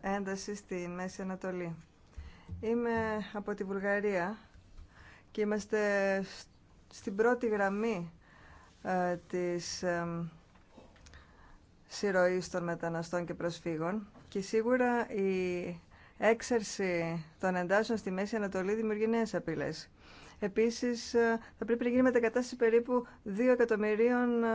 ένταση στη Μέση Ανατολή. Είμαι από τη Βουλγαρία και είμαστε στην πρώτη γραμμή ε, της συρροής των μεταναστών και προσφύγων και σίγουρα η έξαρση των εντάσσεων στη Μέση Ανατολή δημιουργεί νέες απειλές. Επίσης, ε, θα πρέπει να γίνει μετακατάσταση περίπου 2 εκατομμυρίων ε,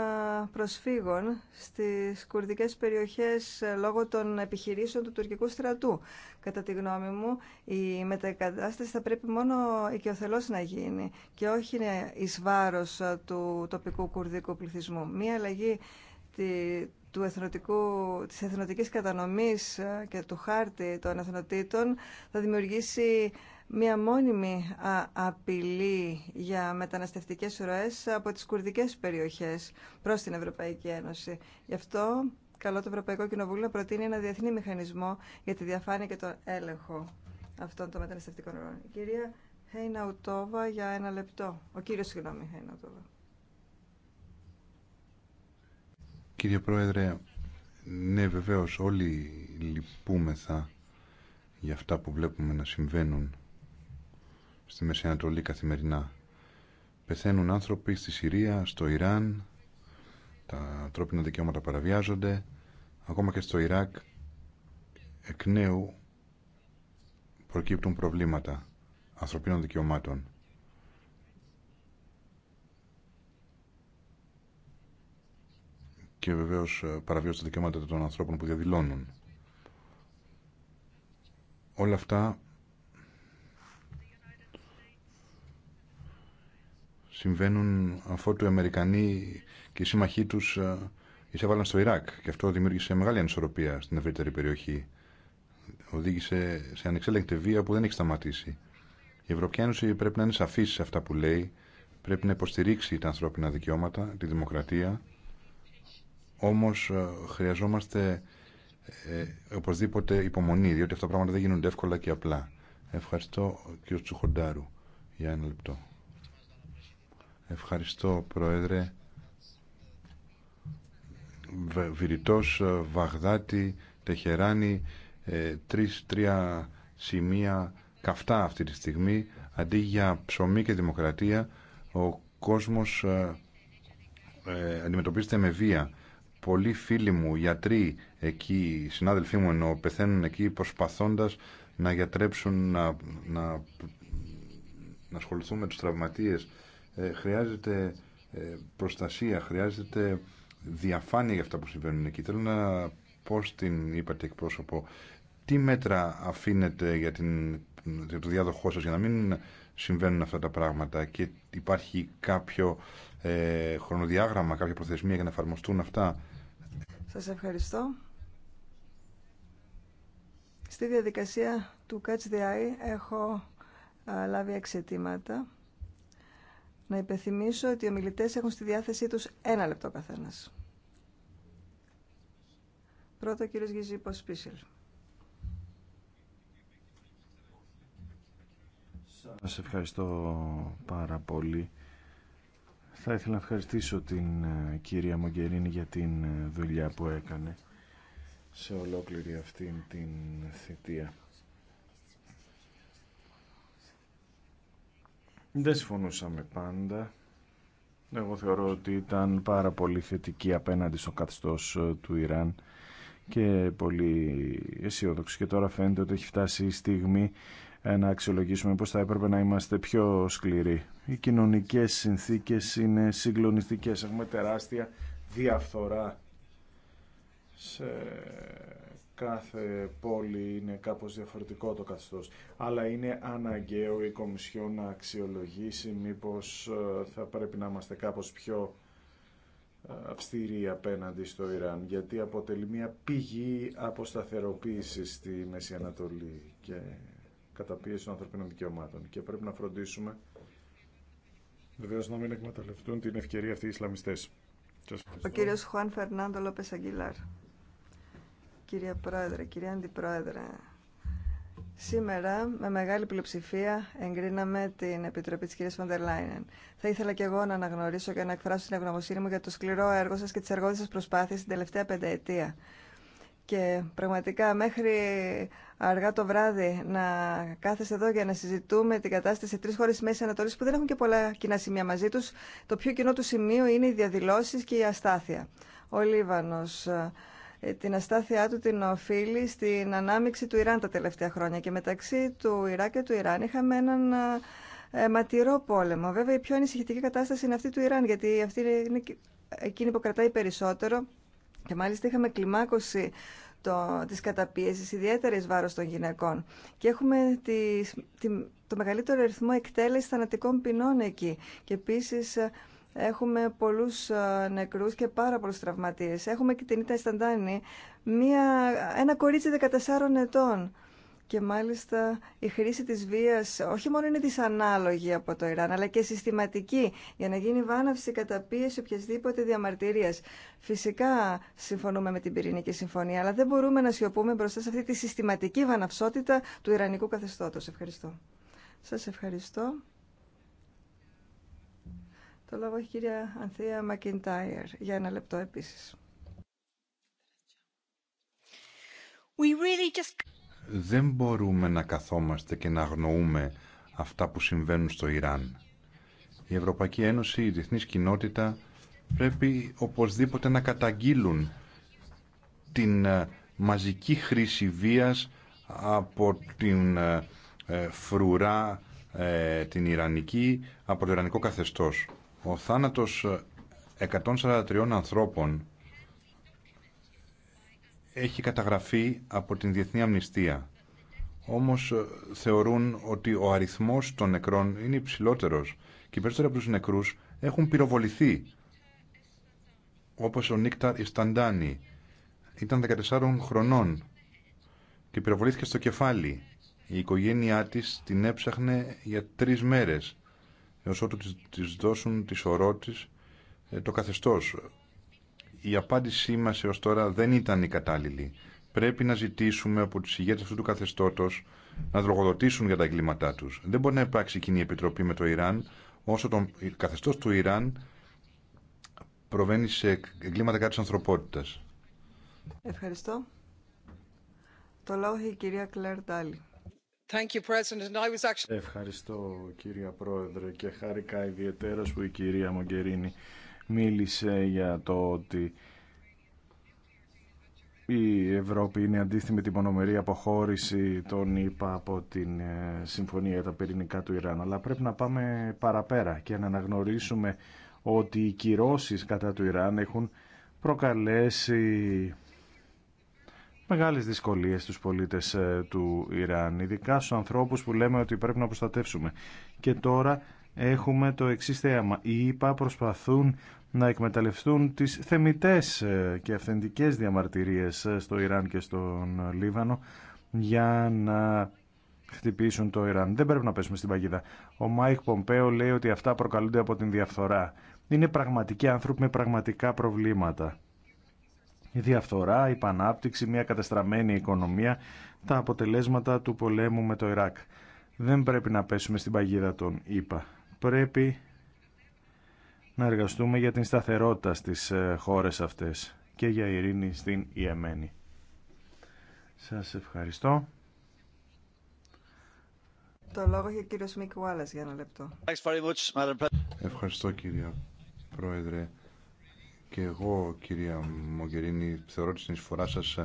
προσφύγων στις κουρδικές περιοχές ε, λόγω των επιχειρήσεων του τουρκικού στρατού. Κατά τη γνώμη μου, η μετακατάσταση θα πρέπει μόνο οικειοθελώ να γίνει και όχι η βάρο του τοπικού κουρδικού πληθυσμού. Μία αλλαγή του εθνοτικού, της εθνοτικής κατανομής ε, και του χάρτη των εθνοτήτων θα δημιουργήσει μία μόνιμη απειλή για μεταναστευτικές ροές από τις κουρδικές περιοχές προς την Ευρωπαϊκή Ένωση. Γι' αυτό καλό το Ευρωπαϊκό Κοινοβούλιο να προτείνει ένα διεθνή μηχανισμό για τη διαφάνεια και τον έλεγχο αυτών των μεταναστευτικών ροών. κυρία Χέινα για ένα λεπτό. Ο κύριος, συγγνώμη, Χέινα Κύριε Πρόεδρε, ναι βεβαίως όλοι λυπούμεθα για αυτά που βλέπουμε να συμβαίνουν στη Μέση Ανατολή καθημερινά. Πεθαίνουν άνθρωποι στη Συρία, στο Ιράν, τα ανθρώπινα δικαιώματα παραβιάζονται, ακόμα και στο Ιράκ εκ νέου προκύπτουν προβλήματα ανθρωπίνων δικαιωμάτων. και βεβαίως ε, παραβίωση τα δικαιώματα των ανθρώπων που διαδηλώνουν. Όλα αυτά συμβαίνουν αφότου οι Αμερικανοί και οι σύμμαχοί τους ε, εισέβαλαν στο Ιράκ και αυτό δημιούργησε μεγάλη ανισορροπία στην ευρύτερη περιοχή. Οδήγησε σε ανεξέλεγκτη βία που δεν έχει σταματήσει. Η Ευρωπαϊκή Ένωση πρέπει να είναι σαφή σε αυτά που λέει, πρέπει να υποστηρίξει τα ανθρώπινα δικαιώματα, τη δημοκρατία όμως ε, χρειαζόμαστε ε, οπωσδήποτε υπομονή, διότι αυτά τα πράγματα δεν γίνονται εύκολα και απλά. Ευχαριστώ κύριο Τσουχοντάρου για ένα λεπτό. Ευχαριστώ Πρόεδρε. Βηρητός, ε, Βαγδάτη, Τεχεράνη, ε, τρεις, τρία σημεία καυτά αυτή τη στιγμή. Αντί για ψωμί και δημοκρατία, ο κόσμος ε, ε αντιμετωπίζεται με βία πολλοί φίλοι μου, γιατροί εκεί, συνάδελφοί μου ενώ πεθαίνουν εκεί προσπαθώντας να γιατρέψουν, να, να, να ασχοληθούν με τους τραυματίες. Ε, χρειάζεται ε, προστασία, χρειάζεται διαφάνεια για αυτά που συμβαίνουν εκεί. Θέλω να πω στην είπατε εκπρόσωπο τι μέτρα αφήνετε για, την, για το διάδοχό σας για να μην συμβαίνουν αυτά τα πράγματα και υπάρχει κάποιο ε, χρονοδιάγραμμα, κάποια προθεσμία για να εφαρμοστούν αυτά. Σας ευχαριστώ. Στη διαδικασία του Catch the Eye έχω λάβει εξαιτήματα. Να υπενθυμίσω ότι οι ομιλητές έχουν στη διάθεσή τους ένα λεπτό καθένας. Πρώτο κύριο κύριος Γιζίπος Σπίσελ. Σας ευχαριστώ πάρα πολύ θα ήθελα να ευχαριστήσω την ε, κυρία Μογκερίνη για την ε, δουλειά που έκανε σε ολόκληρη αυτήν την θητεία. Δεν συμφωνούσαμε πάντα. Εγώ θεωρώ ότι ήταν πάρα πολύ θετική απέναντι στο καθεστώς ε, του Ιράν και πολύ αισιόδοξη και τώρα φαίνεται ότι έχει φτάσει η στιγμή ε, να αξιολογήσουμε πώς θα έπρεπε να είμαστε πιο σκληροί. Οι κοινωνικές συνθήκες είναι συγκλονιστικές. Έχουμε τεράστια διαφθορά σε κάθε πόλη είναι κάπως διαφορετικό το καθεστώς. Αλλά είναι αναγκαίο η Κομισιό να αξιολογήσει μήπως ε, θα πρέπει να είμαστε κάπως πιο ε, αυστηροί απέναντι στο Ιράν γιατί αποτελεί μια πηγή αποσταθεροποίησης στη Μέση Ανατολή και καταπίεση των ανθρωπίνων δικαιωμάτων και πρέπει να φροντίσουμε βεβαίω να μην εκμεταλλευτούν την ευκαιρία αυτή οι Ισλαμιστές. Ο κύριο Χουάν Φερνάντο Λόπε Αγγιλάρ. Κυρία Πρόεδρε, κυρία Αντιπρόεδρε, Σήμερα, με μεγάλη πλειοψηφία, εγκρίναμε την Επιτροπή τη κυρία Φοντερ Λάινεν. Θα ήθελα και εγώ να αναγνωρίσω και να εκφράσω την ευγνωμοσύνη μου για το σκληρό έργο σα και τι εργόδε σα προσπάθειε την τελευταία πενταετία και πραγματικά μέχρι αργά το βράδυ να κάθεσαι εδώ για να συζητούμε την κατάσταση σε τρει χώρε της Μέση Ανατολή που δεν έχουν και πολλά κοινά σημεία μαζί του. Το πιο κοινό του σημείο είναι οι διαδηλώσεις και η αστάθεια. Ο Λίβανος ε, Την αστάθειά του την οφείλει στην ανάμειξη του Ιράν τα τελευταία χρόνια. Και μεταξύ του Ιράκ και του Ιράν είχαμε έναν ε, ματηρό πόλεμο. Βέβαια, η πιο ανησυχητική κατάσταση είναι αυτή του Ιράν, γιατί αυτή είναι εκείνη που κρατάει περισσότερο και μάλιστα είχαμε κλιμάκωση το, της καταπίεσης, ιδιαίτερης βάρος των γυναικών. Και έχουμε το μεγαλύτερο αριθμό εκτέλεση θανατικών ποινών εκεί. Και επίσης ε, έχουμε πολλούς ε, νεκρούς και πάρα πολλούς τραυματίες. Έχουμε και την Ήτα μία, ένα κορίτσι 14 ετών και μάλιστα η χρήση της βίας όχι μόνο είναι δυσανάλογη από το Ιράν, αλλά και συστηματική για να γίνει βάναυση κατά πίεση οποιασδήποτε διαμαρτυρίας. Φυσικά συμφωνούμε με την Πυρηνική Συμφωνία, αλλά δεν μπορούμε να σιωπούμε μπροστά σε αυτή τη συστηματική βαναυσότητα του Ιρανικού καθεστώτος. Ευχαριστώ. Σας ευχαριστώ. Το λόγο έχει η κυρία Ανθία Μακιντάιερ για ένα λεπτό επίσης. We really just δεν μπορούμε να καθόμαστε και να αγνοούμε αυτά που συμβαίνουν στο Ιράν. Η Ευρωπαϊκή Ένωση, η διεθνής κοινότητα πρέπει οπωσδήποτε να καταγγείλουν την ε, μαζική χρήση βίας από την ε, ε, φρουρά την Ιρανική, από το Ιρανικό καθεστώς. Ο θάνατος 143 ανθρώπων έχει καταγραφεί από την Διεθνή Αμνηστία. Όμως ε, θεωρούν ότι ο αριθμός των νεκρών είναι υψηλότερος και οι περισσότεροι από τους νεκρούς έχουν πυροβοληθεί, όπως ο Νίκταρ Ισταντάνη. Ήταν 14 χρονών και πυροβολήθηκε στο κεφάλι. Η οικογένειά της την έψαχνε για τρεις μέρες, έως ότου της δώσουν τη σωρό ε, το καθεστώς η απάντησή μας έως τώρα δεν ήταν η κατάλληλη. Πρέπει να ζητήσουμε από τους ηγέτες αυτού του καθεστώτος να δρογοδοτήσουν για τα εγκλήματά τους. Δεν μπορεί να υπάρξει κοινή επιτροπή με το Ιράν όσο το καθεστώς του Ιράν προβαίνει σε εγκλήματα κατά της ανθρωπότητας. Ευχαριστώ. Το λόγο έχει η κυρία Κλέρ Ντάλι. Ευχαριστώ κύριε Πρόεδρε και χάρηκα ιδιαίτερα που η κυρία Μογκερίνη μίλησε για το ότι η Ευρώπη είναι αντίθετη με την μονομερή αποχώρηση τον ΗΠΑ από την ε, Συμφωνία για τα Πυρηνικά του Ιράν. Αλλά πρέπει να πάμε παραπέρα και να αναγνωρίσουμε ότι οι κυρώσεις κατά του Ιράν έχουν προκαλέσει μεγάλες δυσκολίες στους πολίτες ε, του Ιράν, ειδικά στους ανθρώπους που λέμε ότι πρέπει να προστατεύσουμε. Και τώρα έχουμε το εξή θέαμα. Οι ΙΠΑ προσπαθούν να εκμεταλλευτούν τις θεμητές ε, και αυθεντικές διαμαρτυρίες ε, στο Ιράν και στον Λίβανο για να χτυπήσουν το Ιράν. Δεν πρέπει να πέσουμε στην παγίδα. Ο Μάικ Πομπέο λέει ότι αυτά προκαλούνται από την διαφθορά. Είναι πραγματικοί άνθρωποι με πραγματικά προβλήματα. Η διαφθορά, η πανάπτυξη, μια καταστραμμένη οικονομία, τα αποτελέσματα του πολέμου με το Ιράκ. Δεν πρέπει να πέσουμε στην παγίδα των ΗΠΑ πρέπει να εργαστούμε για την σταθερότητα στις ε, χώρες αυτές και για ειρήνη στην Ιεμένη. Σας ευχαριστώ. Το λόγο έχει ο κύριος Μικ για ένα λεπτό. Ευχαριστώ κυρία Πρόεδρε. Και εγώ κυρία Μογκερίνη θεωρώ ότι στην εισφορά σας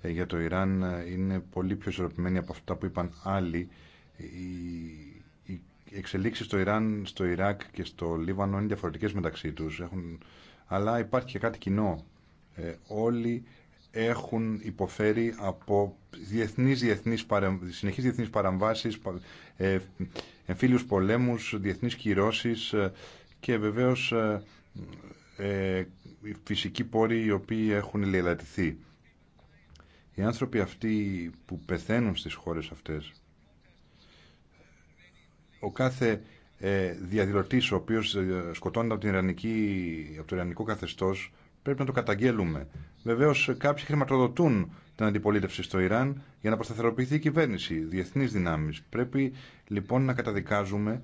ε, για το Ιράν ε, είναι πολύ πιο ισορροπημένη από αυτά που είπαν άλλοι οι εξελίξεις στο Ιράν, στο Ιράκ και στο Λίβανο είναι διαφορετικές μεταξύ τους. Έχουν... Αλλά υπάρχει και κάτι κοινό. Ε, όλοι έχουν υποφέρει από διεθνείς, διεθνείς συνεχείς διεθνείς παραμβάσεις, ε, εμφύλιους πολέμους, διεθνείς κυρώσεις ε, και βεβαίως ε, ε, οι φυσικοί πόροι οι οποίοι έχουν λιελατηθεί. Οι άνθρωποι αυτοί που πεθαίνουν στις χώρες αυτές ο κάθε ε, διαδηλωτής ο οποίος ε, σκοτώνεται από, την Ιρανική, από το Ιρανικό καθεστώς πρέπει να το καταγγέλουμε. Βεβαίως κάποιοι χρηματοδοτούν την αντιπολίτευση στο Ιράν για να προσταθεροποιηθεί η κυβέρνηση, διεθνείς δυνάμεις. Πρέπει λοιπόν να καταδικάζουμε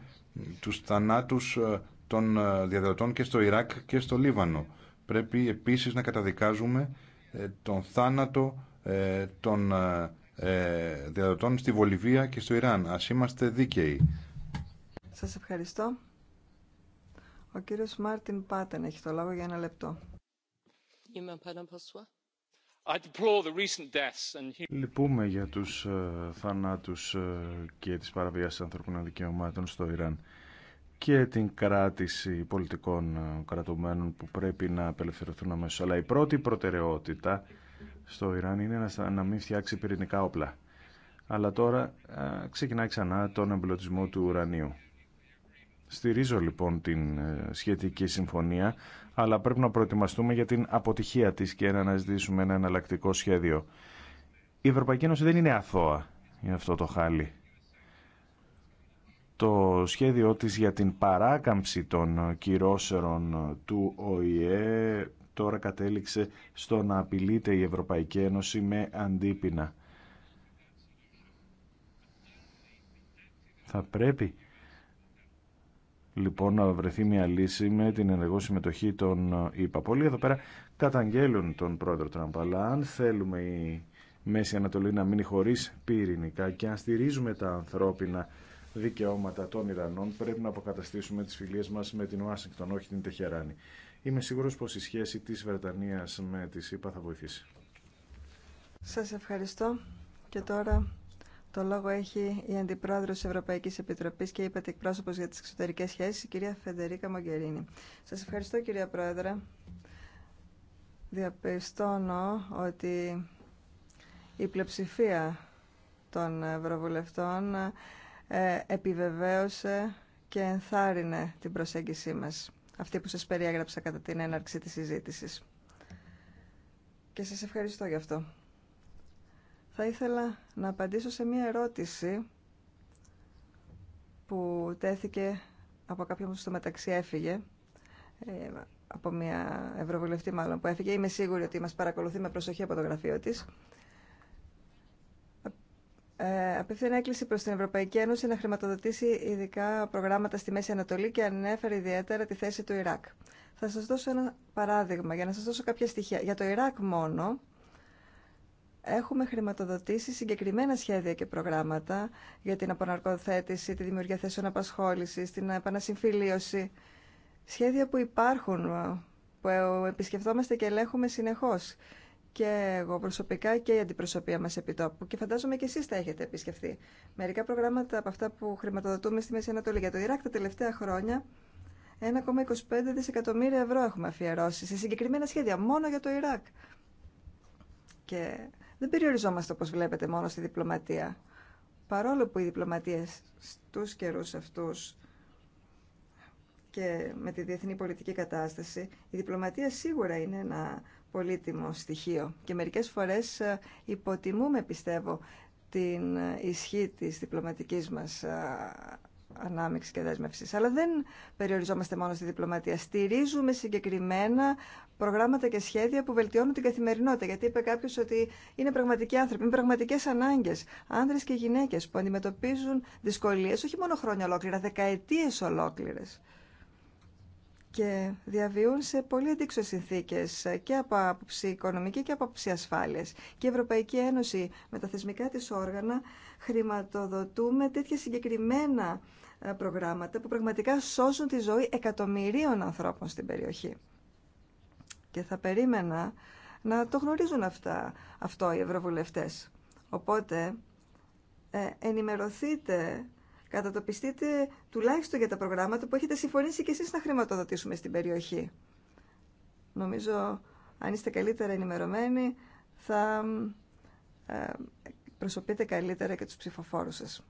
τους θανάτους ε, των ε, διαδηλωτών και στο Ιράκ και στο Λίβανο. Πρέπει επίσης να καταδικάζουμε τον θάνατο των διαδοτών στη Βολιβία και στο Ιράν. Ας είμαστε δίκαιοι. Σας ευχαριστώ. Ο κύριος Μάρτιν Πάτεν έχει το λόγο για ένα λεπτό. Λυπούμε για τους ε, θανάτους ε, και τις παραβιάσεις ανθρωπίνων δικαιωμάτων στο Ιράν και την κράτηση πολιτικών ε, κρατουμένων που πρέπει να απελευθερωθούν αμέσως. Αλλά η πρώτη προτεραιότητα στο Ιράν είναι να μην φτιάξει πυρηνικά όπλα. Αλλά τώρα ξεκινάει ξανά τον εμπλωτισμό του ουρανίου. Στηρίζω λοιπόν την ε, σχετική συμφωνία, αλλά πρέπει να προετοιμαστούμε για την αποτυχία της και να αναζητήσουμε ένα εναλλακτικό σχέδιο. Η Ευρωπαϊκή Ένωση δεν είναι αθώα για αυτό το χάλι. Το σχέδιό της για την παράκαμψη των κυρώσεων του ΟΗΕ τώρα κατέληξε στο να απειλείται η Ευρωπαϊκή Ένωση με αντίπεινα. Θα πρέπει λοιπόν να βρεθεί μια λύση με την ενεργό συμμετοχή των ΙΠΑ. Ε, Πολλοί εδώ πέρα καταγγέλουν τον πρόεδρο Τραμπ, αλλά αν θέλουμε η Μέση Ανατολή να μείνει χωρίς πυρηνικά και αν στηρίζουμε τα ανθρώπινα δικαιώματα των Ιρανών, πρέπει να αποκαταστήσουμε τις φιλίες μας με την Ουάσιγκτον, όχι την Τεχεράνη. Είμαι σίγουρο πω η σχέση τη Βρετανία με τις ΙΠΑ θα βοηθήσει. Σας ευχαριστώ και τώρα το λόγο έχει η Αντιπρόεδρο τη Ευρωπαϊκή Επιτροπή και η εκπρόσωπο για τι εξωτερικέ σχέσει, η κυρία Φεντερίκα Μογκερίνη. Σα ευχαριστώ, κυρία Πρόεδρε. Διαπιστώνω ότι η πλειοψηφία των Ευρωβουλευτών ε, επιβεβαίωσε και ενθάρρυνε την προσέγγισή μας, αυτή που σας περιέγραψα κατά την έναρξη της συζήτησης. Και σας ευχαριστώ γι' αυτό. Θα ήθελα να απαντήσω σε μία ερώτηση που τέθηκε από κάποιον που στο μεταξύ έφυγε, ε, από μία ευρωβουλευτή μάλλον που έφυγε. Είμαι σίγουρη ότι μας παρακολουθεί με προσοχή από το γραφείο της. Ε, απευθύνει έκκληση προς την Ευρωπαϊκή Ένωση να χρηματοδοτήσει ειδικά προγράμματα στη Μέση Ανατολή και ανέφερε ιδιαίτερα τη θέση του Ιράκ. Θα σας δώσω ένα παράδειγμα για να σας δώσω κάποια στοιχεία. Για το Ιράκ μόνο, έχουμε χρηματοδοτήσει συγκεκριμένα σχέδια και προγράμματα για την αποναρκοθέτηση, τη δημιουργία θέσεων απασχόληση, την επανασυμφιλίωση. Σχέδια που υπάρχουν, που επισκεφτόμαστε και ελέγχουμε συνεχώ Και εγώ προσωπικά και η αντιπροσωπεία μας επιτόπου. Και φαντάζομαι και εσεί τα έχετε επισκεφθεί. Μερικά προγράμματα από αυτά που χρηματοδοτούμε στη Μέση Ανατολή. Για το Ιράκ τα τελευταία χρόνια 1,25 δισεκατομμύρια ευρώ έχουμε αφιερώσει σε συγκεκριμένα σχέδια μόνο για το Ιράκ. Και δεν περιοριζόμαστε όπως βλέπετε μόνο στη διπλωματία. Παρόλο που η διπλωματία στους καιρούς αυτούς και με τη διεθνή πολιτική κατάσταση, η διπλωματία σίγουρα είναι ένα πολύτιμο στοιχείο και μερικές φορές ε, υποτιμούμε, πιστεύω, την ε, ισχύ της διπλωματικής μας ε, ανάμειξη και δέσμευση. Αλλά δεν περιοριζόμαστε μόνο στη διπλωματία. Στηρίζουμε συγκεκριμένα προγράμματα και σχέδια που βελτιώνουν την καθημερινότητα. Γιατί είπε κάποιο ότι είναι πραγματικοί άνθρωποι, είναι πραγματικέ ανάγκε. Άνδρε και γυναίκε που αντιμετωπίζουν δυσκολίε όχι μόνο χρόνια ολόκληρα, δεκαετίε ολόκληρε. Και διαβιούν σε πολύ αντίξωε συνθήκε και από άποψη οικονομική και από άποψη ασφάλεια. Και η Ευρωπαϊκή Ένωση με τα θεσμικά τη όργανα χρηματοδοτούμε τέτοια συγκεκριμένα ε, προγράμματα που πραγματικά σώζουν τη ζωή εκατομμυρίων ανθρώπων στην περιοχή. Και θα περίμενα να το γνωρίζουν αυτά, αυτό οι ευρωβουλευτές. Οπότε ε, ενημερωθείτε, κατατοπιστείτε τουλάχιστον για τα προγράμματα που έχετε συμφωνήσει και εσείς να χρηματοδοτήσουμε στην περιοχή. Νομίζω αν είστε καλύτερα ενημερωμένοι θα ε, προσωπείτε καλύτερα και τους ψηφοφόρους σας.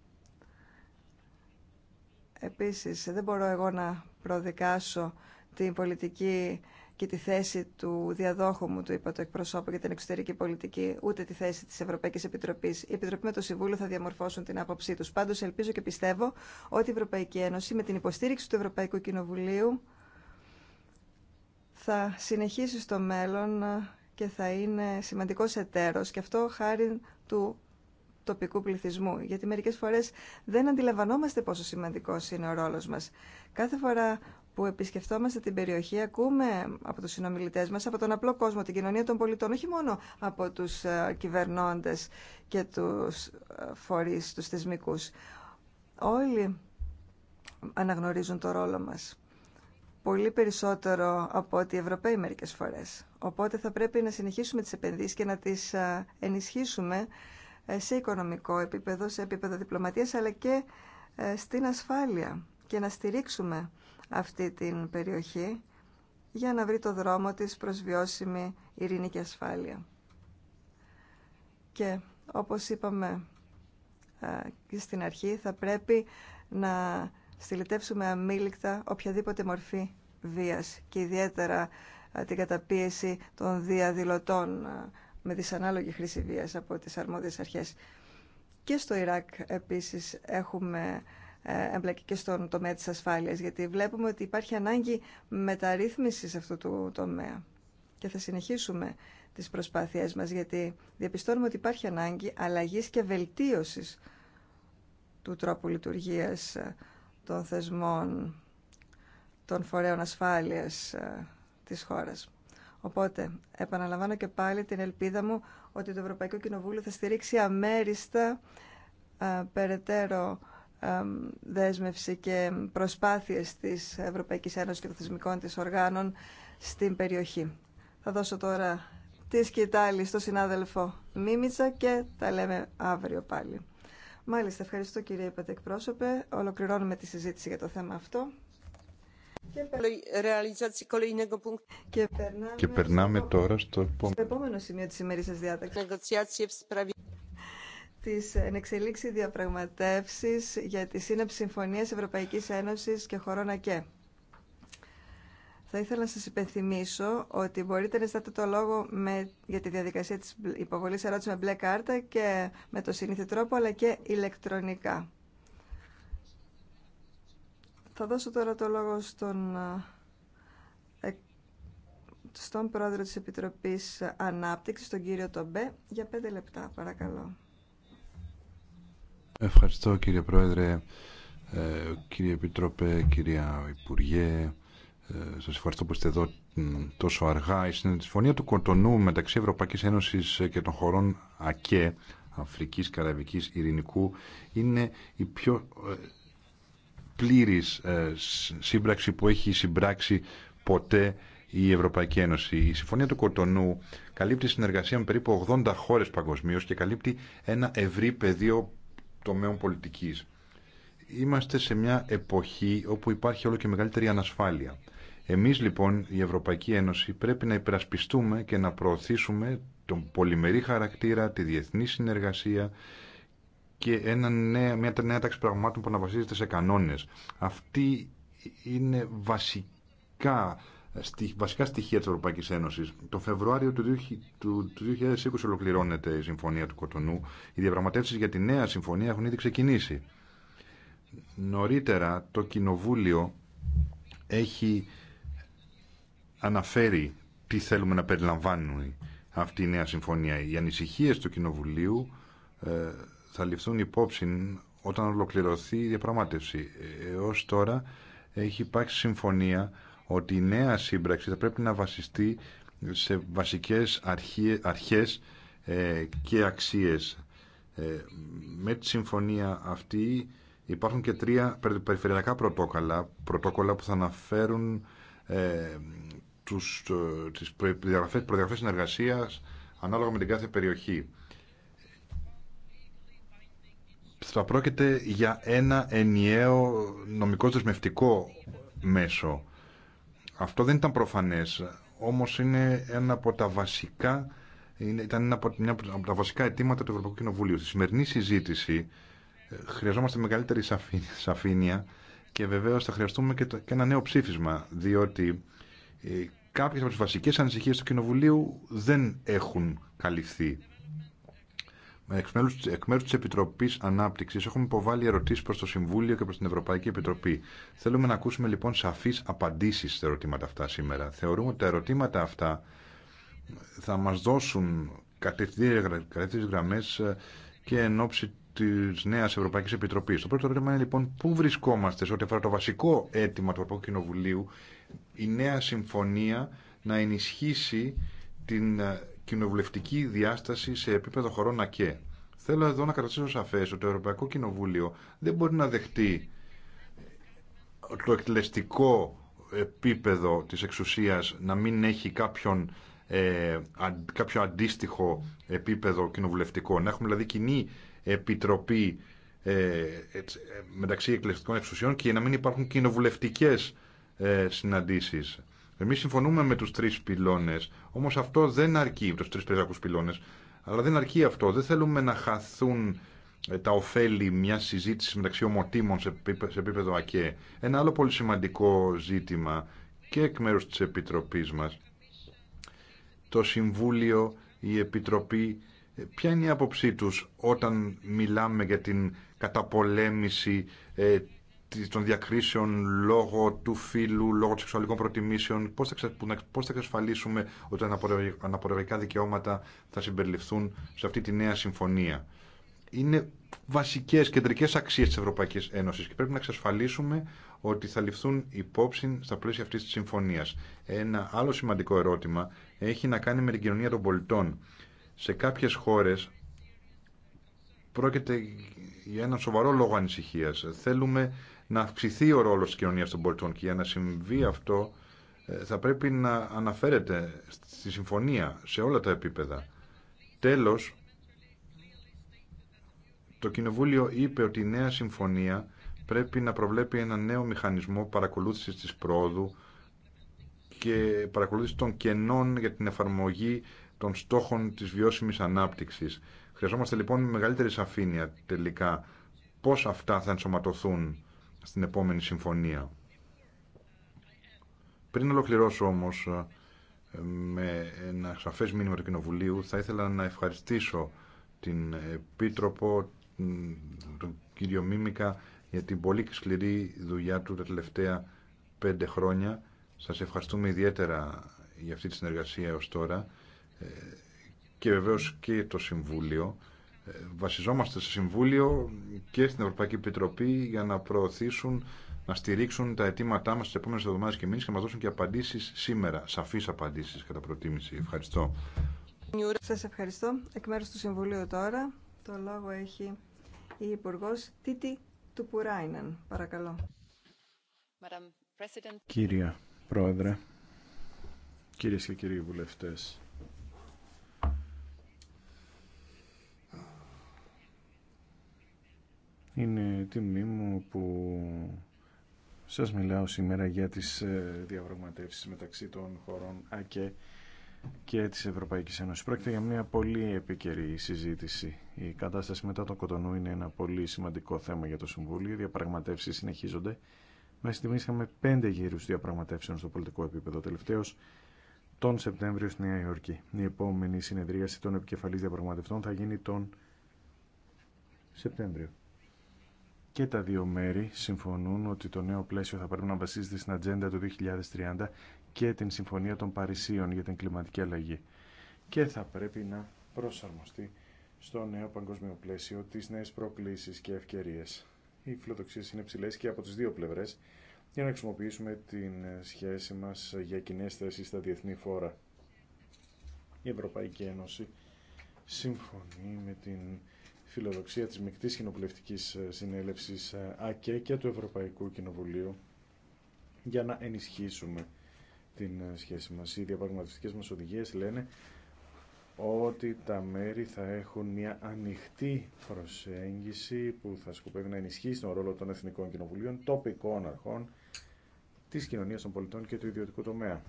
Επίσης, δεν μπορώ εγώ να προδικάσω την πολιτική και τη θέση του διαδόχου μου, του είπα το εκπροσώπου για την εξωτερική πολιτική, ούτε τη θέση τη Ευρωπαϊκή Επιτροπή. Η Επιτροπή με το Συμβούλιο θα διαμορφώσουν την άποψή του. Πάντω, ελπίζω και πιστεύω ότι η Ευρωπαϊκή Ένωση με την υποστήριξη του Ευρωπαϊκού Κοινοβουλίου θα συνεχίσει στο μέλλον και θα είναι σημαντικός εταίρος και αυτό χάρη του τοπικού πληθυσμού, γιατί μερικές φορές δεν αντιλαμβανόμαστε πόσο σημαντικός είναι ο ρόλος μας. Κάθε φορά που επισκεφτόμαστε την περιοχή, ακούμε από τους συνομιλητές μας, από τον απλό κόσμο, την κοινωνία των πολιτών, όχι μόνο από τους ε, κυβερνώντες και τους ε, φορείς, τους θεσμικούς. Όλοι αναγνωρίζουν το ρόλο μας. Πολύ περισσότερο από ότι οι Ευρωπαίοι μερικές φορές. Οπότε θα πρέπει να συνεχίσουμε τις επενδύσεις και να τις ε, ενισχύσουμε σε οικονομικό επίπεδο, σε επίπεδο διπλωματίας, αλλά και ε, στην ασφάλεια και να στηρίξουμε αυτή την περιοχή για να βρει το δρόμο της προς βιώσιμη ειρήνη και ασφάλεια. Και όπως είπαμε ε, και στην αρχή, θα πρέπει να στυλιτεύσουμε αμήλικτα οποιαδήποτε μορφή βίας και ιδιαίτερα ε, την καταπίεση των διαδηλωτών με δυσανάλογη χρήση βίας από τις αρμόδιες αρχές. Και στο Ιράκ επίσης έχουμε ε, εμπλακεί και στον τομέα της ασφάλειας, γιατί βλέπουμε ότι υπάρχει ανάγκη μεταρρύθμισης αυτού του τομέα. Και θα συνεχίσουμε τις προσπάθειές μας, γιατί διαπιστώνουμε ότι υπάρχει ανάγκη αλλαγής και βελτίωσης του τρόπου λειτουργίας ε, των θεσμών, των φορέων ασφάλειας ε, της χώρας. Οπότε, επαναλαμβάνω και πάλι την ελπίδα μου ότι το Ευρωπαϊκό Κοινοβούλιο θα στηρίξει αμέριστα περαιτέρω δέσμευση και προσπάθειες της Ευρωπαϊκής Ένωσης και των θεσμικών της οργάνων στην περιοχή. Θα δώσω τώρα τη σκητάλη στο συνάδελφο Μίμητσα και τα λέμε αύριο πάλι. Μάλιστα, ευχαριστώ κύριε Πατεκπρόσωπε. Ολοκληρώνουμε τη συζήτηση για το θέμα αυτό. Και περνάμε, τώρα στο επόμενο, σημείο της ημερήσιας διάταξης. Τις ενεξελίξει διαπραγματεύσεις για τη σύναψη συμφωνίας Ευρωπαϊκής Ένωσης και χωρών ΑΚΕ. Θα ήθελα να σας υπενθυμίσω ότι μπορείτε να ζητάτε το λόγο με, για τη διαδικασία της υποβολής ερώτησης με μπλε κάρτα και με το συνήθι τρόπο αλλά και ηλεκτρονικά. Θα δώσω τώρα το λόγο στον, ε, στον πρόεδρο της Επιτροπής Ανάπτυξης, τον κύριο Τομπέ, για πέντε λεπτά, παρακαλώ. Ευχαριστώ κύριε Πρόεδρε, ε, κύριε Επιτροπέ, κυρία Υπουργέ. Ε, σα ευχαριστώ που είστε εδώ τόσο αργά. Η συμφωνία του Κοντονού μεταξύ Ευρωπαϊκής Ένωσης και των χωρών ΑΚΕ, Αφρικής, Καραβικής, Ειρηνικού, είναι η πιο πλήρης ε, σύμπραξη που έχει συμπράξει ποτέ η Ευρωπαϊκή Ένωση. Η Συμφωνία του Κοτονού καλύπτει συνεργασία με περίπου 80 χώρες παγκοσμίως... και καλύπτει ένα ευρύ πεδίο τομέων πολιτικής. Είμαστε σε μια εποχή όπου υπάρχει όλο και μεγαλύτερη ανασφάλεια. Εμείς λοιπόν η Ευρωπαϊκή Ένωση πρέπει να υπερασπιστούμε και να προωθήσουμε τον πολυμερή χαρακτήρα, τη διεθνή συνεργασία, και ένα νέα, μια νέα τάξη πραγμάτων που αναβασίζεται σε κανόνες. Αυτή είναι βασικά, βασικά στοιχεία της Ευρωπαϊκής Ένωσης. Το Φεβρουάριο του, 2020 ολοκληρώνεται η Συμφωνία του Κοτονού. Οι διαπραγματεύσεις για τη νέα συμφωνία έχουν ήδη ξεκινήσει. Νωρίτερα το Κοινοβούλιο έχει αναφέρει τι θέλουμε να περιλαμβάνουν αυτή η νέα συμφωνία. Οι ανησυχίες του Κοινοβουλίου ε, θα ληφθούν υπόψη όταν ολοκληρωθεί η διαπραγμάτευση. Ε, έως τώρα έχει υπάρξει συμφωνία ότι η νέα σύμπραξη θα πρέπει να βασιστεί σε βασικές αρχές ε, και αξίες. Ε, με τη συμφωνία αυτή υπάρχουν και τρία περιφερειακά πρωτόκολλα, πρωτόκολλα που θα αναφέρουν τους, τις προδιαγραφές, προδιαγραφές συνεργασίας ανάλογα με την κάθε περιοχή θα πρόκειται για ένα ενιαίο νομικό δεσμευτικό μέσο. Αυτό δεν ήταν προφανές, όμως είναι ένα από τα βασικά, ήταν ένα από, τα βασικά αιτήματα του Ευρωπαϊκού Κοινοβουλίου. Στη σημερινή συζήτηση ε, χρειαζόμαστε μεγαλύτερη σαφήνεια και βεβαίως θα χρειαστούμε και, και ένα νέο ψήφισμα, διότι ε, κάποιες από τις βασικές ανησυχίες του Κοινοβουλίου δεν έχουν καλυφθεί. Εκ μέρου τη Επιτροπή Ανάπτυξη έχουμε υποβάλει ερωτήσει προ το Συμβούλιο και προ την Ευρωπαϊκή Επιτροπή. Θέλουμε να ακούσουμε λοιπόν σαφεί απαντήσει στα ερωτήματα αυτά σήμερα. Θεωρούμε ότι τα ερωτήματα αυτά θα μα δώσουν κατευθυντήριε γραμμέ ε, και εν ώψη τη νέα Ευρωπαϊκή Επιτροπή. Το πρώτο ερώτημα είναι λοιπόν πού βρισκόμαστε σε ό,τι αφορά το βασικό αίτημα του Ευρωπαϊκού Κοινοβουλίου η νέα συμφωνία να ενισχύσει την ε, κοινοβουλευτική διάσταση σε επίπεδο χωρών ΑΚΕ. Θέλω εδώ να κρατήσω σαφέ ότι το Ευρωπαϊκό Κοινοβούλιο δεν μπορεί να δεχτεί το εκτελεστικό επίπεδο της εξουσίας να μην έχει κάποιον, ε, κάποιο αντίστοιχο επίπεδο κοινοβουλευτικό. Να έχουμε δηλαδή κοινή επιτροπή ε, ε, μεταξύ εκτελεστικών εξουσιών και να μην υπάρχουν κοινοβουλευτικές ε, συναντήσεις. Εμείς συμφωνούμε με του τρει πυλώνες, όμως αυτό δεν αρκεί, τους τρεις πεζακούς πυλώνες, αλλά δεν αρκεί αυτό. Δεν θέλουμε να χαθούν ε, τα ωφέλη μιας συζήτηση μεταξύ ομοτήμων σε επίπεδο ΑΚΕ. Ένα άλλο πολύ σημαντικό ζήτημα και εκ μέρου τη επιτροπή μας. Το Συμβούλιο, η Επιτροπή, ε, ποια είναι η άποψή τους όταν μιλάμε για την καταπολέμηση ε, των διακρίσεων λόγω του φύλου, λόγω των σεξουαλικών προτιμήσεων, πώς θα, εξασφαλίσουμε ότι τα αναπορευγικά δικαιώματα θα συμπεριληφθούν σε αυτή τη νέα συμφωνία. Είναι βασικές κεντρικές αξίες της Ευρωπαϊκής Ένωσης και πρέπει να εξασφαλίσουμε ότι θα ληφθούν υπόψη στα πλαίσια αυτής της συμφωνίας. Ένα άλλο σημαντικό ερώτημα έχει να κάνει με την κοινωνία των πολιτών. Σε κάποιες χώρες πρόκειται για ένα σοβαρό λόγο ανησυχίας. Θέλουμε να αυξηθεί ο ρόλος της κοινωνίας των πολιτών και για να συμβεί αυτό ε, θα πρέπει να αναφέρεται στη συμφωνία σε όλα τα επίπεδα. Τέλος, το Κοινοβούλιο είπε ότι η νέα συμφωνία πρέπει να προβλέπει ένα νέο μηχανισμό παρακολούθησης της πρόοδου και παρακολούθηση των κενών για την εφαρμογή των στόχων της βιώσιμης ανάπτυξης. Χρειαζόμαστε λοιπόν μεγαλύτερη σαφήνεια τελικά πώς αυτά θα ενσωματωθούν στην επόμενη συμφωνία. Πριν ολοκληρώσω όμως ε, με ένα σαφές μήνυμα του Κοινοβουλίου θα ήθελα να ευχαριστήσω την Επίτροπο, τον κύριο Μίμικα για την πολύ σκληρή δουλειά του τα τελευταία πέντε χρόνια. Σας ευχαριστούμε ιδιαίτερα για αυτή τη συνεργασία έως τώρα ε, και βεβαίως και το Συμβούλιο βασιζόμαστε στο Συμβούλιο και στην Ευρωπαϊκή Επιτροπή για να προωθήσουν, να στηρίξουν τα αιτήματά μας στις επόμενες εβδομάδες και μήνες και να μας δώσουν και απαντήσεις σήμερα, σαφείς απαντήσεις κατά προτίμηση. Ευχαριστώ. Σας ευχαριστώ. Εκ μέρους του Συμβουλίου τώρα, το λόγο έχει η Υπουργό Τίτη Τουπουράινεν. Παρακαλώ. Κυρία Πρόεδρε, κυρίες και κύριοι βουλευτές, Είναι τιμή μου που σας μιλάω σήμερα για τις ε, διαπραγματεύσεις μεταξύ των χωρών ΑΚΕ και της Ευρωπαϊκής Ένωσης. Πρόκειται για μια πολύ επικαιρή συζήτηση. Η κατάσταση μετά τον Κοτονού είναι ένα πολύ σημαντικό θέμα για το Συμβούλιο. Οι διαπραγματεύσεις συνεχίζονται. Μέχρι στιγμή είχαμε πέντε γύρους διαπραγματεύσεων στο πολιτικό επίπεδο. Τελευταίος τον Σεπτέμβριο στη Νέα Υόρκη. Η επόμενη συνεδρίαση των επικεφαλής διαπραγματευτών θα γίνει τον Σεπτέμβριο και τα δύο μέρη συμφωνούν ότι το νέο πλαίσιο θα πρέπει να βασίζεται στην ατζέντα του 2030 και την Συμφωνία των Παρισίων για την κλιματική αλλαγή και θα πρέπει να προσαρμοστεί στο νέο παγκόσμιο πλαίσιο τις νέες προκλήσεις και ευκαιρίες. Οι φιλοδοξίες είναι ψηλές και από τις δύο πλευρές για να χρησιμοποιήσουμε την σχέση μας για κοινέ θέσει στα διεθνή φόρα. Η Ευρωπαϊκή Ένωση συμφωνεί με την φιλοδοξία της μεικτής Κοινοβουλευτικής ε, Συνέλευσης ε, ΑΚΕ και του Ευρωπαϊκού Κοινοβουλίου για να ενισχύσουμε την ε, σχέση μας. Οι διαπραγματευτικές μας οδηγίες λένε ότι τα μέρη θα έχουν μια ανοιχτή προσέγγιση που θα σκοπεύει να ενισχύσει τον ρόλο των Εθνικών Κοινοβουλίων, τοπικών αρχών, της κοινωνίας των πολιτών και του ιδιωτικού τομέα.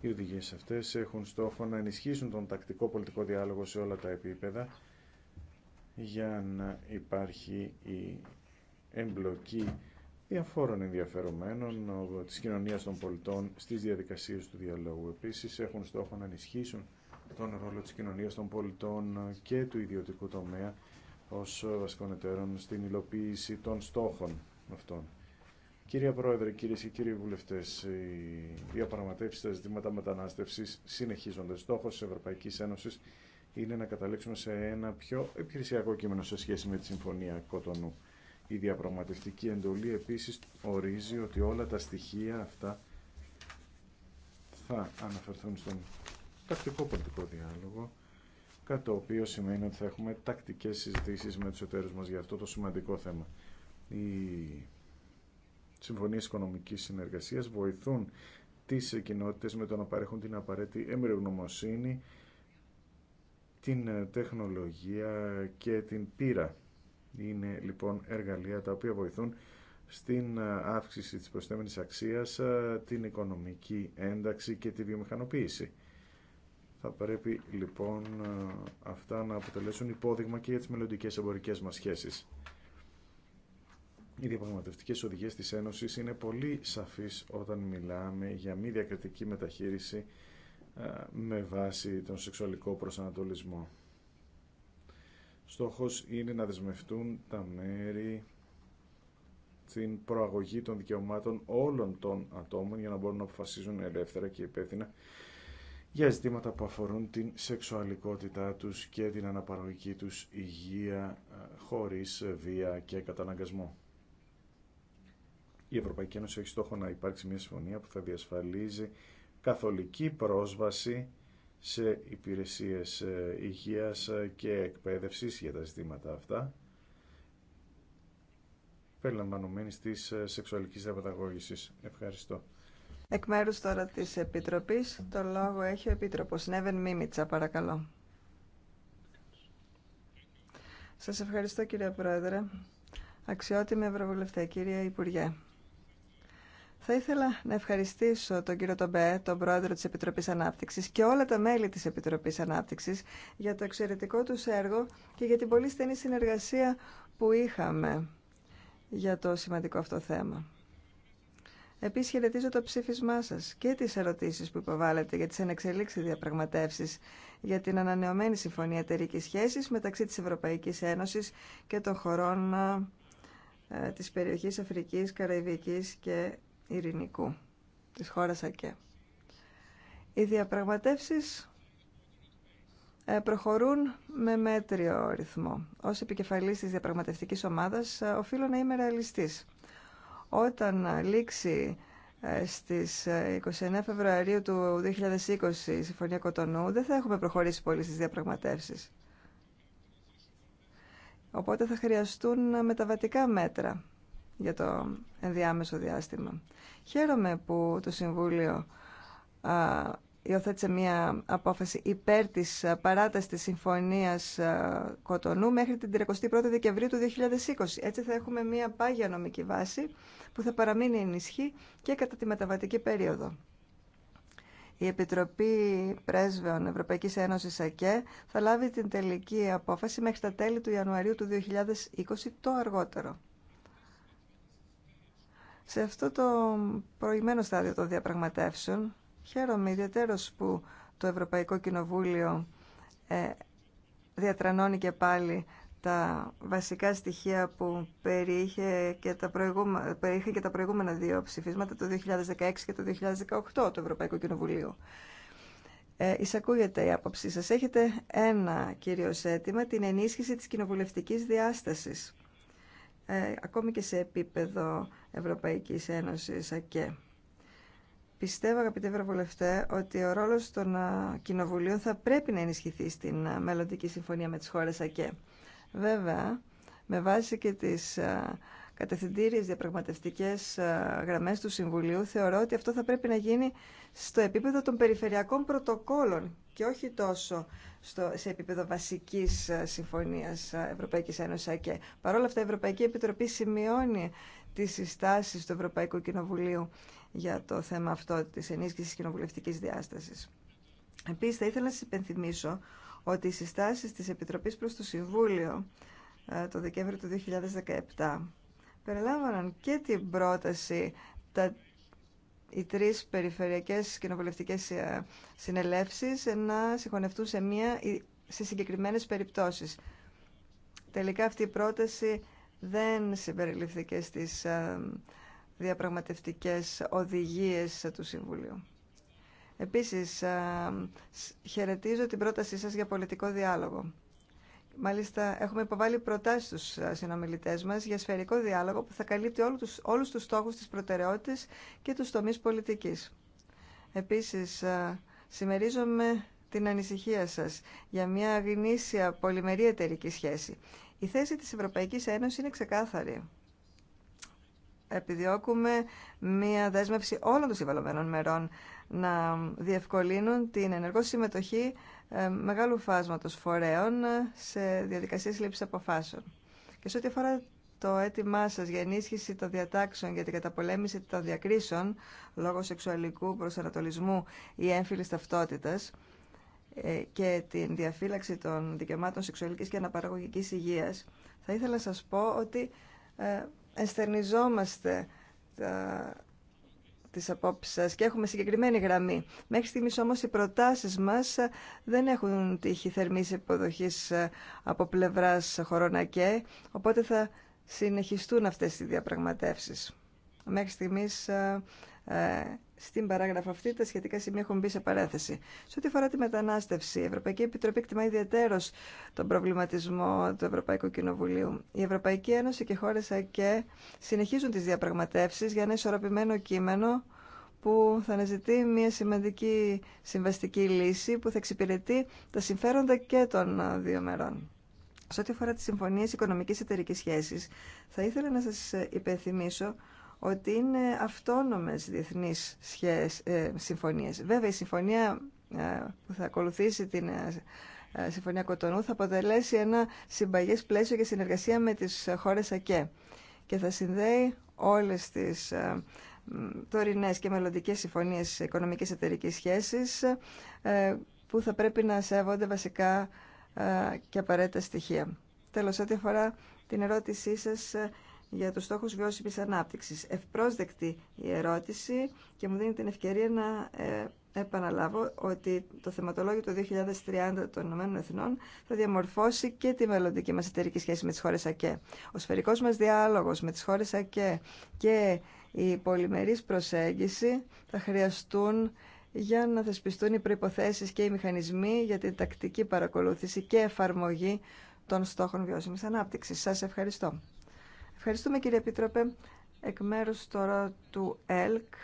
Οι οδηγίε αυτέ έχουν στόχο να ενισχύσουν τον τακτικό πολιτικό διάλογο σε όλα τα επίπεδα για να υπάρχει η εμπλοκή διαφόρων ενδιαφερομένων της κοινωνίας των πολιτών στις διαδικασίες του διαλόγου. Επίσης έχουν στόχο να ενισχύσουν τον ρόλο της κοινωνίας των πολιτών και του ιδιωτικού τομέα ως βασικών εταίρων στην υλοποίηση των στόχων αυτών. Κύριε Πρόεδρε, κυρίε και κύριοι βουλευτέ, οι διαπραγματεύσει στα ζητήματα μετανάστευση συνεχίζονται. Στόχο τη Ευρωπαϊκή Ένωση είναι να καταλήξουμε σε ένα πιο επιχειρησιακό κείμενο σε σχέση με τη Συμφωνία Κοτονού. Η διαπραγματευτική εντολή επίσης ορίζει ότι όλα τα στοιχεία αυτά θα αναφερθούν στον τακτικό πολιτικό διάλογο, κατά το οποίο σημαίνει ότι θα έχουμε τακτικές συζητήσεις με τους εταίρους μας για αυτό το σημαντικό θέμα. Οι συμφωνίες οικονομικής συνεργασίας βοηθούν τις κοινότητες με το να παρέχουν την απαραίτητη εμπειρογνωμοσύνη την ε, τεχνολογία και την πύρα Είναι λοιπόν εργαλεία τα οποία βοηθούν στην ε, αύξηση της προσθέμενης αξίας, ε, την οικονομική ένταξη και τη βιομηχανοποίηση. Θα πρέπει λοιπόν αυτά να αποτελέσουν υπόδειγμα και για τις μελλοντικές εμπορικές μας σχέσεις. Οι διαπραγματευτικέ οδηγίες της Ένωσης είναι πολύ σαφείς όταν μιλάμε για μη διακριτική μεταχείριση ε, με βάση τον σεξουαλικό προσανατολισμό. Στόχος είναι να δεσμευτούν τα μέρη στην προαγωγή των δικαιωμάτων όλων των ατόμων για να μπορούν να αποφασίζουν ελεύθερα και υπεύθυνα για ζητήματα που αφορούν την σεξουαλικότητά τους και την αναπαραγωγική τους υγεία ε, χωρίς βία και καταναγκασμό. Η Ευρωπαϊκή Ένωση έχει στόχο να υπάρξει μια συμφωνία που θα διασφαλίζει καθολική πρόσβαση σε υπηρεσίες ε, υγείας ε, και εκπαίδευσης για τα ζητήματα αυτά περιλαμβανομένης της ε, σεξουαλικής διαπαιδαγώγησης. Ευχαριστώ. Εκ μέρους τώρα της Επιτροπής, το λόγο έχει ο Επίτροπος Νέβεν Μίμητσα, παρακαλώ. Σας ευχαριστώ κύριε Πρόεδρε. Αξιότιμη Ευρωβουλευτέ, κύριε Υπουργέ. Θα ήθελα να ευχαριστήσω τον κύριο Τομπέ, τον πρόεδρο της Επιτροπής Ανάπτυξης και όλα τα μέλη της Επιτροπής Ανάπτυξης για το εξαιρετικό τους έργο και για την πολύ στενή συνεργασία που είχαμε για το σημαντικό αυτό θέμα. Επίσης χαιρετίζω το ψήφισμά σας και τις ερωτήσεις που υποβάλλετε για τις ανεξελίξεις διαπραγματεύσεις για την ανανεωμένη συμφωνία εταιρικής σχέσης μεταξύ της Ευρωπαϊκής Ένωσης και των χωρών ε, της περιοχής Αφρικής, Καραϊβικής και ειρηνικού της χώρας ΑΚΕ. Οι διαπραγματεύσεις ε, προχωρούν με μέτριο ρυθμό. Ως επικεφαλής της διαπραγματευτικής ομάδας ε, οφείλω να είμαι ρεαλιστής. Όταν λήξει ε, στις 29 Φεβρουαρίου του 2020 η Συμφωνία Κοτονού δεν θα έχουμε προχωρήσει πολύ στις διαπραγματεύσεις. Οπότε θα χρειαστούν μεταβατικά μέτρα για το ενδιάμεσο διάστημα. Χαίρομαι που το Συμβούλιο α, υιοθέτησε μια απόφαση υπέρ της παράτασης της Συμφωνίας Κοτονού μέχρι την 31η Δεκεμβρίου του 2020. Έτσι θα έχουμε μια πάγια νομική βάση που θα παραμείνει ενισχύ και κατά τη μεταβατική περίοδο. Η Επιτροπή Πρέσβεων Ευρωπαϊκής Ένωσης ΑΚΕ θα λάβει την τελική απόφαση μέχρι τα τέλη του Ιανουαρίου του 2020 το αργότερο. Σε αυτό το προηγμένο στάδιο των διαπραγματεύσεων, χαίρομαι ιδιαίτερος που το Ευρωπαϊκό Κοινοβούλιο ε, διατρανώνει και πάλι τα βασικά στοιχεία που περιείχε και, τα τα προηγούμενα δύο ψηφίσματα, το 2016 και το 2018 το ευρωπαϊκό Κοινοβουλίου. Ε, εισακούγεται η άποψή σας. Έχετε ένα κυρίως αίτημα, την ενίσχυση της κοινοβουλευτικής διάστασης. Ε, ακόμη και σε επίπεδο Ευρωπαϊκής Ένωσης ΑΚΕ. Πιστεύω, αγαπητέ Ευρωβουλευτέ, ότι ο ρόλος των ε, κοινοβουλίων θα πρέπει να ενισχυθεί στην ε, μελλοντική συμφωνία με τις χώρες ΑΚΕ. Βέβαια, με βάση και τις κατευθυντήριες διαπραγματευτικές γραμμές του Συμβουλίου, θεωρώ ότι αυτό θα πρέπει να γίνει στο επίπεδο των περιφερειακών πρωτοκόλων και όχι τόσο στο, σε επίπεδο βασικής ε, συμφωνίας ε, Ευρωπαϊκής Ένωσης ΑΚΕ. Παρ' αυτά η Ευρωπαϊκή Επιτροπή σημειώνει τις συστάσεις του Ευρωπαϊκού Κοινοβουλίου για το θέμα αυτό της ενίσχυσης κοινοβουλευτικής διάστασης. Επίσης θα ήθελα να σας υπενθυμίσω ότι οι συστάσεις της Επιτροπής προς το Συμβούλιο ε, το Δεκέμβριο του 2017 περιλάμβαναν και την πρόταση τα οι τρεις περιφερειακές κοινοβουλευτικές ε, συνελεύσεις να συγχωνευτούν σε μία ε, σε συγκεκριμένες περιπτώσεις. Τελικά αυτή η πρόταση δεν συμπεριληφθήκε στις ε, διαπραγματευτικές οδηγίες του Συμβουλίου. Επίσης, χαιρετίζω την πρότασή σας για πολιτικό διάλογο. Μάλιστα, έχουμε υποβάλει προτάσεις στου ε, συνομιλητέ μας για σφαιρικό διάλογο που θα καλύπτει όλους του στόχου τη στόχους, και του τομεί πολιτικής. Επίσης, ε, συμμερίζομαι την ανησυχία σας για μια γνήσια πολυμερή εταιρική σχέση. Η θέση της Ευρωπαϊκής Ένωσης είναι ξεκάθαρη επιδιώκουμε μία δέσμευση όλων των συμβαλωμένων μερών να διευκολύνουν την ενεργό συμμετοχή ε, μεγάλου φάσματος φορέων ε, σε διαδικασίες λήψης αποφάσεων. Και σε ό,τι αφορά το αίτημά σα για ενίσχυση των διατάξεων για την καταπολέμηση των διακρίσεων λόγω σεξουαλικού προσανατολισμού ή έμφυλης ταυτότητας ε, και την διαφύλαξη των δικαιωμάτων σεξουαλικής και αναπαραγωγικής υγείας, θα ήθελα να σας πω ότι εστερνιζόμαστε τα, ε, τις απόψεις σας και έχουμε συγκεκριμένη γραμμή. Μέχρι στιγμής όμως οι προτάσεις μας ε, δεν έχουν τύχει θερμής υποδοχής ε, από πλευράς χωρών και οπότε θα συνεχιστούν αυτές οι διαπραγματεύσεις. Μέχρι στιγμής στην παράγραφο αυτή τα σχετικά σημεία έχουν μπει σε παρέθεση. Σε ό,τι αφορά τη μετανάστευση, η Ευρωπαϊκή Επιτροπή εκτιμά ιδιαίτερω τον προβληματισμό του Ευρωπαϊκού Κοινοβουλίου. Η Ευρωπαϊκή Ένωση και χώρε ΑΚΕ συνεχίζουν τι διαπραγματεύσει για ένα ισορροπημένο κείμενο που θα αναζητεί μια σημαντική συμβαστική λύση που θα εξυπηρετεί τα συμφέροντα και των δύο μερών. Σε ό,τι αφορά τι συμφωνίε οικονομική εταιρική σχέση, θα ήθελα να σα υπενθυμίσω ότι είναι αυτόνομες διεθνείς σχέσεις, ε, συμφωνίες. Βέβαια, η συμφωνία ε, που θα ακολουθήσει την ε, Συμφωνία Κοτονού θα αποτελέσει ένα συμπαγές πλαίσιο για συνεργασία με τις χώρες ΑΚΕ και θα συνδέει όλες τις τωρινές και μελλοντικέ συμφωνίες οικονομικές εταιρικής σχέσεις που θα πρέπει να σέβονται βασικά και απαραίτητα στοιχεία. Τέλος, ό,τι αφορά την ερώτησή σας για τους στόχους βιώσιμης ανάπτυξης. Ευπρόσδεκτη η ερώτηση και μου δίνει την ευκαιρία να ε, επαναλάβω ότι το θεματολόγιο του 2030 των ΗΕ Εθνών θα διαμορφώσει και τη μελλοντική μας εταιρική σχέση με τις χώρες ΑΚΕ. Ο σφαιρικός μας διάλογος με τις χώρες ΑΚΕ και η πολυμερής προσέγγιση θα χρειαστούν για να θεσπιστούν οι προϋποθέσεις και οι μηχανισμοί για την τακτική παρακολούθηση και εφαρμογή των στόχων βιώσιμης ανάπτυξης. Σας ευχαριστώ. Ευχαριστούμε κύριε Επίτροπε. Εκ μέρους τώρα του ΕΛΚ,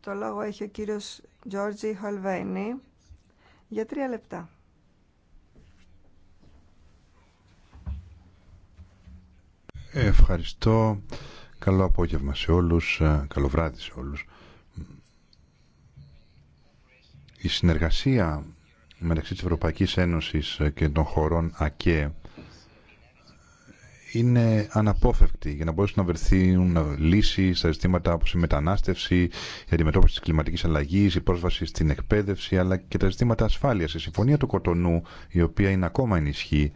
το λόγο έχει ο κύριος Γιώργη Χολβαϊνή για τρία λεπτά. Ευχαριστώ. Καλό απόγευμα σε όλους, ε, καλό βράδυ σε όλους. Η συνεργασία μεταξύ της Ευρωπαϊκής Ένωσης και των χωρών ΑΚΕ είναι αναπόφευκτη για να μπορέσουν να βρεθούν λύσει στα ζητήματα όπω η μετανάστευση, η αντιμετώπιση τη κλιματική αλλαγή, η πρόσβαση στην εκπαίδευση αλλά και τα ζητήματα ασφάλεια. Η συμφωνία του Κοτονού, η οποία είναι ακόμα ενισχύ,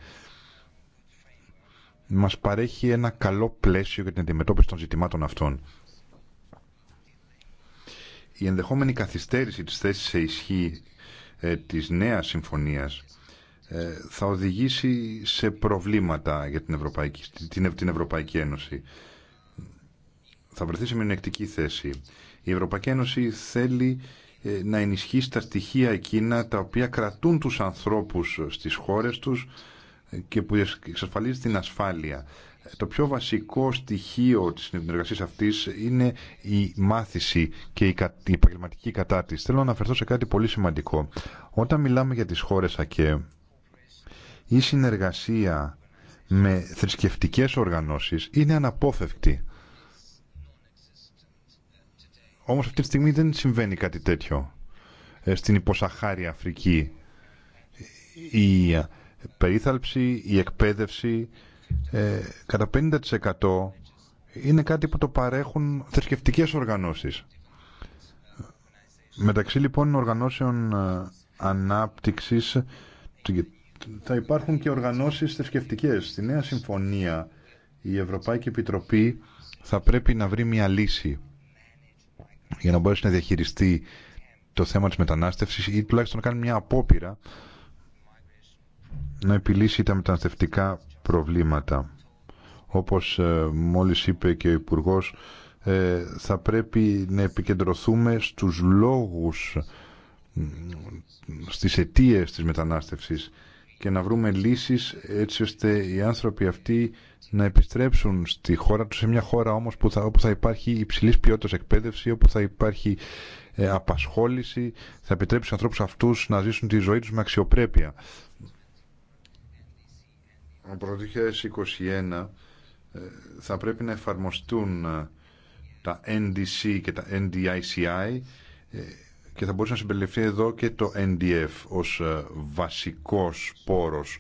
μα παρέχει ένα καλό πλαίσιο για την αντιμετώπιση των ζητημάτων αυτών. Η ενδεχόμενη καθυστέρηση τη θέση σε ισχύ ε, της νέας συμφωνίας ε, θα οδηγήσει σε προβλήματα για την Ευρωπαϊκή, την, την Ευρωπαϊκή Ένωση. Θα βρεθεί σε μειονεκτική θέση. Η Ευρωπαϊκή Ένωση θέλει ε, να ενισχύσει τα στοιχεία εκείνα τα οποία κρατούν τους ανθρώπους στις χώρες τους και που εξασφαλίζει την ασφάλεια. Το πιο βασικό στοιχείο της συνεργασίας αυτής είναι η μάθηση και η επαγγελματική κατάρτιση. Θέλω να αναφερθώ σε κάτι πολύ σημαντικό. Όταν μιλάμε για τις χώρες ΑΚΕ, η συνεργασία με θρησκευτικές οργανώσεις είναι αναπόφευκτη. Όμως αυτή τη στιγμή δεν συμβαίνει κάτι τέτοιο. Ε, στην υποσαχάρια Αφρική η περίθαλψη, η εκπαίδευση ε, κατά 50% είναι κάτι που το παρέχουν θρησκευτικές οργανώσεις. Μεταξύ λοιπόν οργανώσεων ε, ανάπτυξης θα υπάρχουν και οργανώσεις θρησκευτικέ. Στη νέα συμφωνία η Ευρωπαϊκή Επιτροπή θα πρέπει να βρει μια λύση για να μπορέσει να διαχειριστεί το θέμα της μετανάστευσης ή τουλάχιστον να κάνει μια απόπειρα να επιλύσει τα μεταναστευτικά προβλήματα. Όπως ε, μόλις είπε και ο Υπουργός, ε, θα πρέπει να επικεντρωθούμε στους λόγους, στις αιτίες της μετανάστευσης και να βρούμε λύσεις έτσι ώστε οι άνθρωποι αυτοί να επιστρέψουν στη χώρα τους, σε μια χώρα όμως που θα, όπου θα υπάρχει υψηλής ποιότητας εκπαίδευση, όπου θα υπάρχει ε, απασχόληση, θα επιτρέψει στους ανθρώπους αυτούς να ζήσουν τη ζωή τους με αξιοπρέπεια. Από το 2021 θα πρέπει να εφαρμοστούν ε, τα NDC και τα NDICI και θα μπορούσε να συμπεριληφθεί εδώ και το NDF ως ε, βασικός πόρος.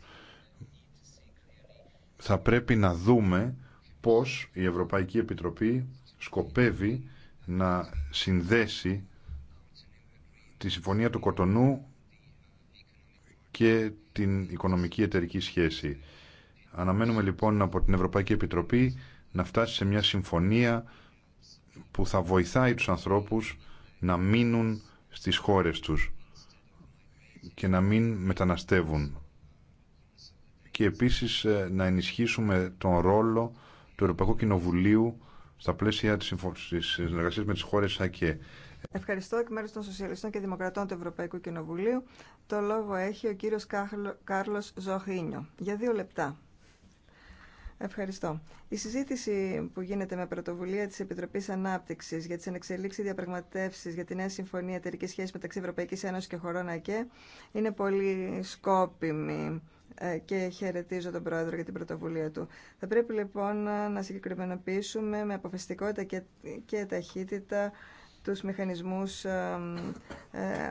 Θα πρέπει να δούμε πώς η Ευρωπαϊκή Επιτροπή σκοπεύει να συνδέσει τη Συμφωνία του Κοτονού και την οικονομική εταιρική σχέση. Αναμένουμε λοιπόν από την Ευρωπαϊκή Επιτροπή να φτάσει σε μια συμφωνία που θα βοηθάει τους ανθρώπους να μείνουν στις χώρες τους και να μην μεταναστεύουν. Και επίσης ε, να ενισχύσουμε τον ρόλο του Ευρωπαϊκού Κοινοβουλίου στα πλαίσια της συνεργασίας με τις χώρες ΑΚΕ. Ευχαριστώ εκ μέρους των Σοσιαλιστών και Δημοκρατών του Ευρωπαϊκού Κοινοβουλίου. Το λόγο έχει ο κύριος Κάρλος Ζοχίνιο. Για δύο λεπτά. Ευχαριστώ. Η συζήτηση που γίνεται με πρωτοβουλία τη Επιτροπή Ανάπτυξη για τι ανεξελίξει διαπραγματεύσει για τη νέα συμφωνία εταιρική σχέση μεταξύ Ευρωπαϊκή Ένωση και χωρών ΑΚΕ είναι πολύ σκόπιμη ε, και χαιρετίζω τον Πρόεδρο για την πρωτοβουλία του. Θα πρέπει λοιπόν να συγκεκριμενοποιήσουμε με αποφασιστικότητα και ταχύτητα τους μηχανισμούς ε,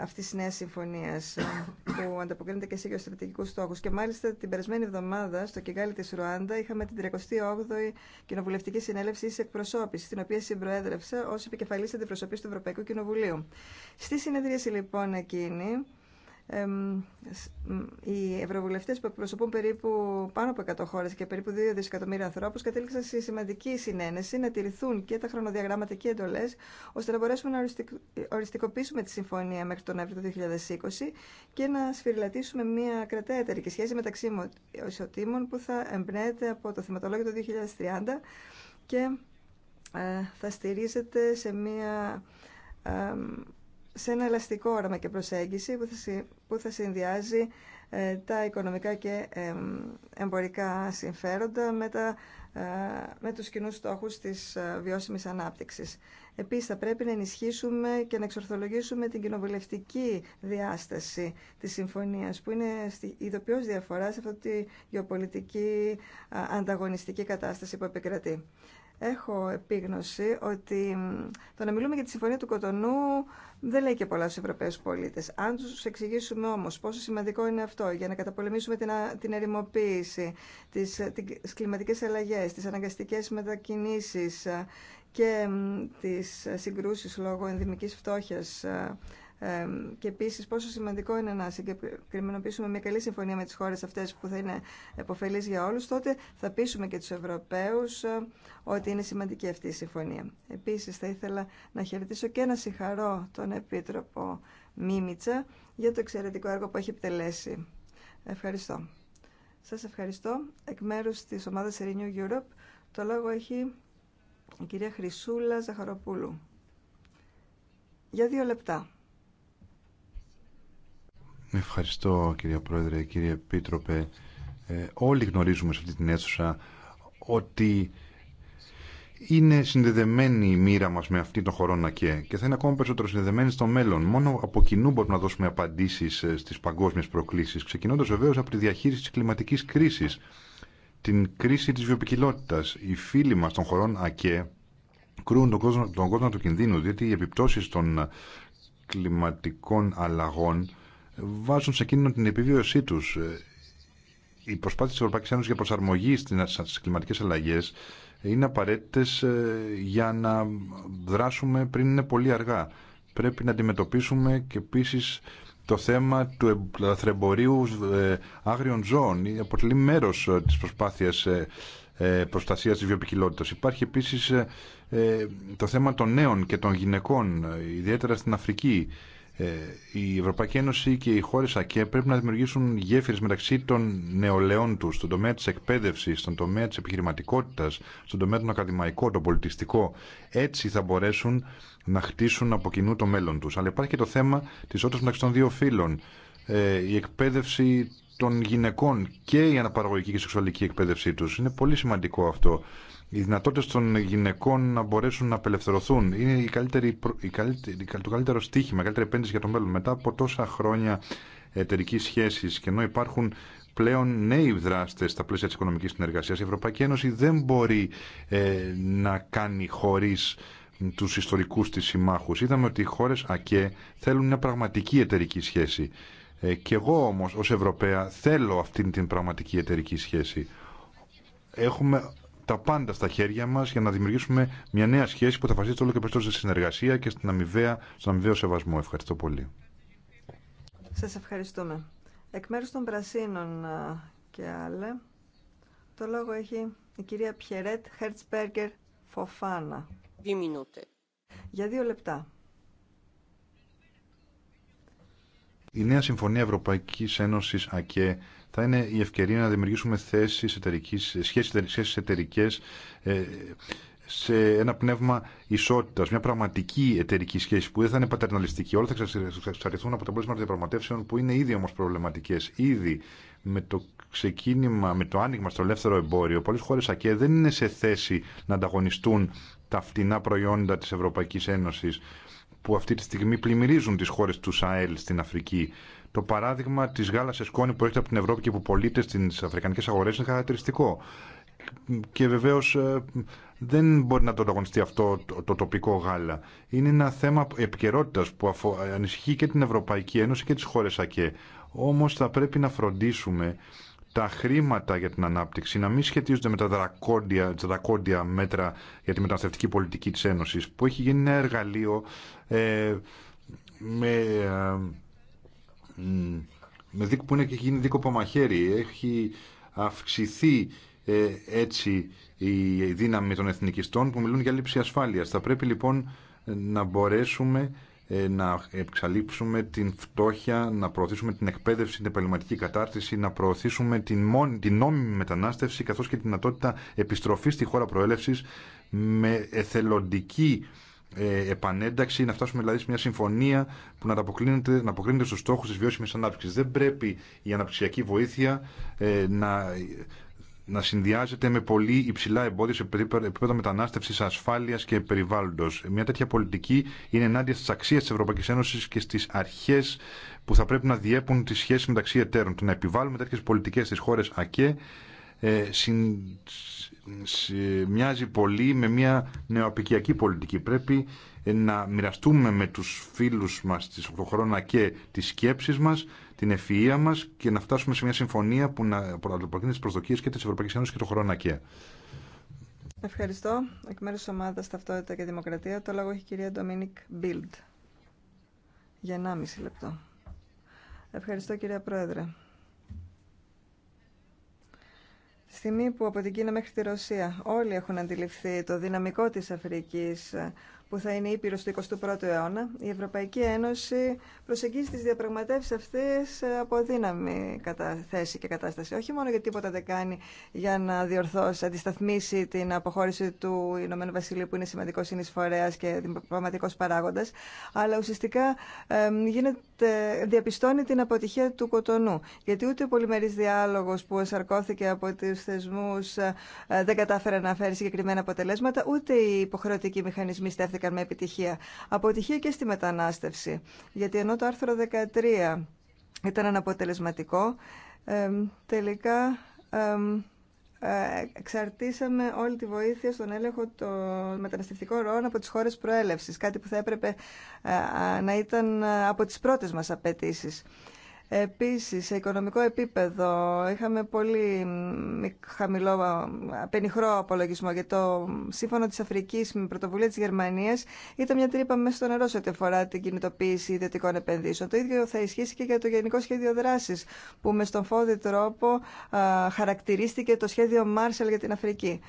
αυτής της νέας συμφωνίας ε, που ανταποκρίνεται και σε γεωστρατηγικούς στόχους. Και μάλιστα την περασμένη εβδομάδα στο Κιγάλι της Ρουάντα είχαμε την 38η Κοινοβουλευτική Συνέλευση εις εκπροσώπηση, στην οποία συμπροέδρευσα ως επικεφαλής αντιπροσωπής του Ευρωπαϊκού Κοινοβουλίου. Στη συνεδρίαση λοιπόν εκείνη, οι ευρωβουλευτές που εκπροσωπούν περίπου πάνω από 100 χώρες και περίπου 2 δισεκατομμύρια ανθρώπους κατέληξαν σε σημαντική συνένεση να τηρηθούν και τα χρονοδιαγράμματα και οι εντολές ώστε να μπορέσουμε να οριστικοποιήσουμε τη συμφωνία μέχρι τον Αύριο του 2020 και να σφυριλατήσουμε μια κρατέα και σχέση μεταξύ ισοτήμων που θα εμπνέεται από το θεματολόγιο του 2030 και ε, θα στηρίζεται σε μια ε, σε ένα ελαστικό όραμα και προσέγγιση που θα συνδυάζει ε, τα οικονομικά και εμπορικά συμφέροντα με, τα, ε, με τους κοινούς στόχους της ε, βιώσιμης ανάπτυξης. Επίσης θα πρέπει να ενισχύσουμε και να εξορθολογήσουμε την κοινοβουλευτική διάσταση της συμφωνίας που είναι ειδοποιώς διαφορά σε αυτή τη γεωπολιτική ανταγωνιστική κατάσταση που επικρατεί. Έχω επίγνωση ότι το να μιλούμε για τη συμφωνία του Κοτονού δεν λέει και πολλά στους Ευρωπαίους πολίτες. Αν του εξηγήσουμε όμω πόσο σημαντικό είναι αυτό για να καταπολεμήσουμε την, την ερημοποίηση, τι ε, τις κλιματικές αλλαγές, τις αναγκαστικές μετακινήσεις, και τις συγκρούσεις λόγω ενδημικής φτώχειας ε, ε, και επίσης πόσο σημαντικό είναι να συγκεκριμενοποιήσουμε μια καλή συμφωνία με τις χώρες αυτές που θα είναι επωφελής για όλους, τότε θα πείσουμε και τους Ευρωπαίους ε, ότι είναι σημαντική αυτή η συμφωνία. Επίσης θα ήθελα να χαιρετήσω και να συγχαρώ τον Επίτροπο Μίμητσα για το εξαιρετικό έργο που έχει επιτελέσει. Ευχαριστώ. Σας ευχαριστώ. Εκ μέρους της ομάδας Renew Europe το λόγο έχει η κυρία Χρυσούλα Ζαχαροπούλου. Για δύο λεπτά. Ευχαριστώ κυρία Πρόεδρε, κύριε Επίτροπε. Ε, όλοι γνωρίζουμε σε αυτή την αίθουσα ότι είναι συνδεδεμένη η μοίρα μας με αυτή τον χωρό και θα είναι ακόμα περισσότερο συνδεδεμένη στο μέλλον. Μόνο από κοινού μπορούμε να δώσουμε απαντήσεις ε, στις παγκόσμιες προκλήσεις, ξεκινώντας βεβαίως από τη διαχείριση της κλιματικής κρίσης την κρίση της βιοπικιλότητας. Οι φίλοι μας των χωρών ΑΚΕ κρούν τον κόσμο, τον κόσμο του κινδύνου, διότι οι επιπτώσεις των κλιματικών αλλαγών βάζουν σε κίνδυνο την επιβίωσή τους. Οι προσπάθειες της Ευρωπαϊκής Ένωσης για προσαρμογή στις κλιματικές αλλαγές είναι απαραίτητες ε, για να δράσουμε πριν είναι πολύ αργά. Πρέπει να αντιμετωπίσουμε και επίσης το θέμα του ε, λαθρεμπορίου ε, άγριων ζώων αποτελεί μέρος ε, της προσπάθειας προστασίας της βιοπικιλότητας. Υπάρχει επίσης το θέμα των νέων και των γυναικών, ιδιαίτερα στην Αφρική. Ε, η Ευρωπαϊκή Ένωση και οι χώρε ΑΚΕ πρέπει να δημιουργήσουν γέφυρε μεταξύ των νεολαίων του, στον τομέα τη εκπαίδευση, στον τομέα τη επιχειρηματικότητα, στον τομέα των ακαδημαϊκών, τον πολιτιστικό. Έτσι θα μπορέσουν να χτίσουν από κοινού το μέλλον του. Αλλά υπάρχει και το θέμα τη όρτα μεταξύ των δύο φύλων. Ε, η εκπαίδευση των γυναικών και η αναπαραγωγική και σεξουαλική εκπαίδευσή του. Είναι πολύ σημαντικό αυτό οι δυνατότητε των γυναικών να μπορέσουν να απελευθερωθούν. Είναι η καλύτερη, η καλύτερη, το καλύτερο στίχημα, η καλύτερη επένδυση για το μέλλον. Μετά από τόσα χρόνια εταιρική σχέση και ενώ υπάρχουν πλέον νέοι δράστε στα πλαίσια τη οικονομική συνεργασία, η Ευρωπαϊκή Ένωση δεν μπορεί ε, να κάνει χωρί του ιστορικού τη συμμάχου. Είδαμε ότι οι χώρε ΑΚΕ θέλουν μια πραγματική εταιρική σχέση. Ε, εγώ όμω ω Ευρωπαία θέλω αυτή την πραγματική εταιρική σχέση. Έχουμε τα πάντα στα χέρια μα για να δημιουργήσουμε μια νέα σχέση που θα βασίζεται όλο και περισσότερο στη συνεργασία και στην αμοιβαία, στον αμοιβαίο σεβασμό. Ευχαριστώ πολύ. Σα ευχαριστούμε. Εκ μέρου των Πρασίνων και άλλε, το λόγο έχει η κυρία Πιερέτ Χέρτσπεργκερ Φοφάνα. Δύο Για δύο λεπτά. Η νέα συμφωνία Ευρωπαϊκής Ένωσης ΑΚΕ θα είναι η ευκαιρία να δημιουργήσουμε θέσεις εταιρικής, σχέσεις, σχέσεις εταιρικές ε, σε ένα πνεύμα ισότητας, μια πραγματική εταιρική σχέση που δεν θα είναι πατερναλιστική. Όλα θα εξαρτηθούν από τα των διαπραγματεύσεων που είναι ήδη όμως προβληματικές. Ήδη με το ξεκίνημα, με το άνοιγμα στο ελεύθερο εμπόριο, πολλές χώρες ΑΚΕ δεν είναι σε θέση να ανταγωνιστούν τα φτηνά προϊόντα της Ευρωπαϊκής Ένωσης που αυτή τη στιγμή πλημμυρίζουν τις χώρες του ΣΑΕΛ στην Αφρική. Το παράδειγμα τη γάλα σε σκόνη που έρχεται από την Ευρώπη και που πωλείται στι αφρικανικέ αγορέ είναι χαρακτηριστικό. Και βεβαίω ε, δεν μπορεί να το ανταγωνιστεί αυτό το τοπικό γάλα. Είναι ένα θέμα επικαιρότητα που ανησυχεί και την Ευρωπαϊκή Ένωση και τι χώρε ΑΚΕ. Όμω θα πρέπει να φροντίσουμε τα χρήματα για την ανάπτυξη να μην σχετίζονται με τα δρακόντια, μέτρα για τη μεταναστευτική πολιτική της Ένωσης που έχει γίνει ένα εργαλείο ε, με, ε, με δίκο που είναι και γίνει δίκο μαχαίρι. Έχει αυξηθεί ε, έτσι η δύναμη των εθνικιστών που μιλούν για λήψη ασφάλειας. Θα πρέπει λοιπόν να μπορέσουμε ε, να εξαλείψουμε την φτώχεια, να προωθήσουμε την εκπαίδευση, την επαγγελματική κατάρτιση, να προωθήσουμε την, μόνη, την νόμιμη μετανάστευση καθώς και τη δυνατότητα επιστροφής στη χώρα προέλευσης με εθελοντική ε, επανένταξη, να φτάσουμε δηλαδή σε μια συμφωνία που να αποκρίνεται, να αποκρίνεται στους στόχους της βιώσιμης ανάπτυξης. Δεν πρέπει η αναπτυξιακή βοήθεια ε, να, να συνδυάζεται με πολύ υψηλά εμπόδια σε επίπεδο μετανάστευσης, ασφάλειας και περιβάλλοντος. Μια τέτοια πολιτική είναι ενάντια στις αξίες της Ευρωπαϊκής Ένωσης και στις αρχές που θα πρέπει να διέπουν τις σχέσεις μεταξύ εταίρων. Το να επιβάλλουμε τέτοιες πολιτικές στις χώρες ΑΚΕ ε, μοιάζει πολύ με μια νεοαπικιακή πολιτική. Πρέπει ε, να μοιραστούμε με τους φίλους μας της χρόνια και τις σκέψεις μας, την ευφυΐα μας και να φτάσουμε σε μια συμφωνία που να προκρίνει τις προσδοκίες και της Ευρωπαϊκής Ένωσης και του χρόνο και. Ευχαριστώ. Εκ μέρους ομάδας Ταυτότητα και Δημοκρατία το λόγο έχει η κυρία Ντομίνικ Μπίλντ. Για 1,5 λεπτό. Ευχαριστώ κυρία Πρόεδρε. στιγμή που από την Κίνα μέχρι τη Ρωσία όλοι έχουν αντιληφθεί το δυναμικό της Αφρικής, που θα είναι ήπειρο του 21ου αιώνα, η Ευρωπαϊκή Ένωση προσεγγίζει τι διαπραγματεύσει αυτέ από δύναμη θέση και κατάσταση. Όχι μόνο γιατί τίποτα δεν κάνει για να διορθώσει, αντισταθμίσει την αποχώρηση του Ηνωμένου Βασιλείου, που είναι σημαντικό συνεισφορέα και πραγματικό παράγοντα, αλλά ουσιαστικά γίνεται, διαπιστώνει την αποτυχία του κοτονού. Γιατί ούτε ο πολυμερή διάλογο που εσαρκώθηκε από του θεσμού ε, δεν κατάφερε να φέρει συγκεκριμένα αποτελέσματα, ούτε οι υποχρεωτικοί μηχανισμοί στέφθηκαν και με επιτυχία. Αποτυχία και στη μετανάστευση. Γιατί ενώ το άρθρο 13 ήταν αναποτελεσματικό, τελικά ε, εξαρτήσαμε όλη τη βοήθεια στον έλεγχο των μεταναστευτικών ροών από τις χώρες προέλευσης, κάτι που θα έπρεπε ε, να ήταν ε, από τις πρώτες μας απαιτήσει. Επίσης, σε οικονομικό επίπεδο είχαμε πολύ χαμηλό, πενιχρό απολογισμό για το σύμφωνο της Αφρικής με πρωτοβουλία της Γερμανίας ήταν μια τρύπα μέσα στο νερό σε ό,τι αφορά την κινητοποίηση ιδιωτικών επενδύσεων. Το ίδιο θα ισχύσει και για το Γενικό Σχέδιο Δράσης που με στον φόδι τρόπο χαρακτηρίστηκε το σχέδιο Marshall για την Αφρική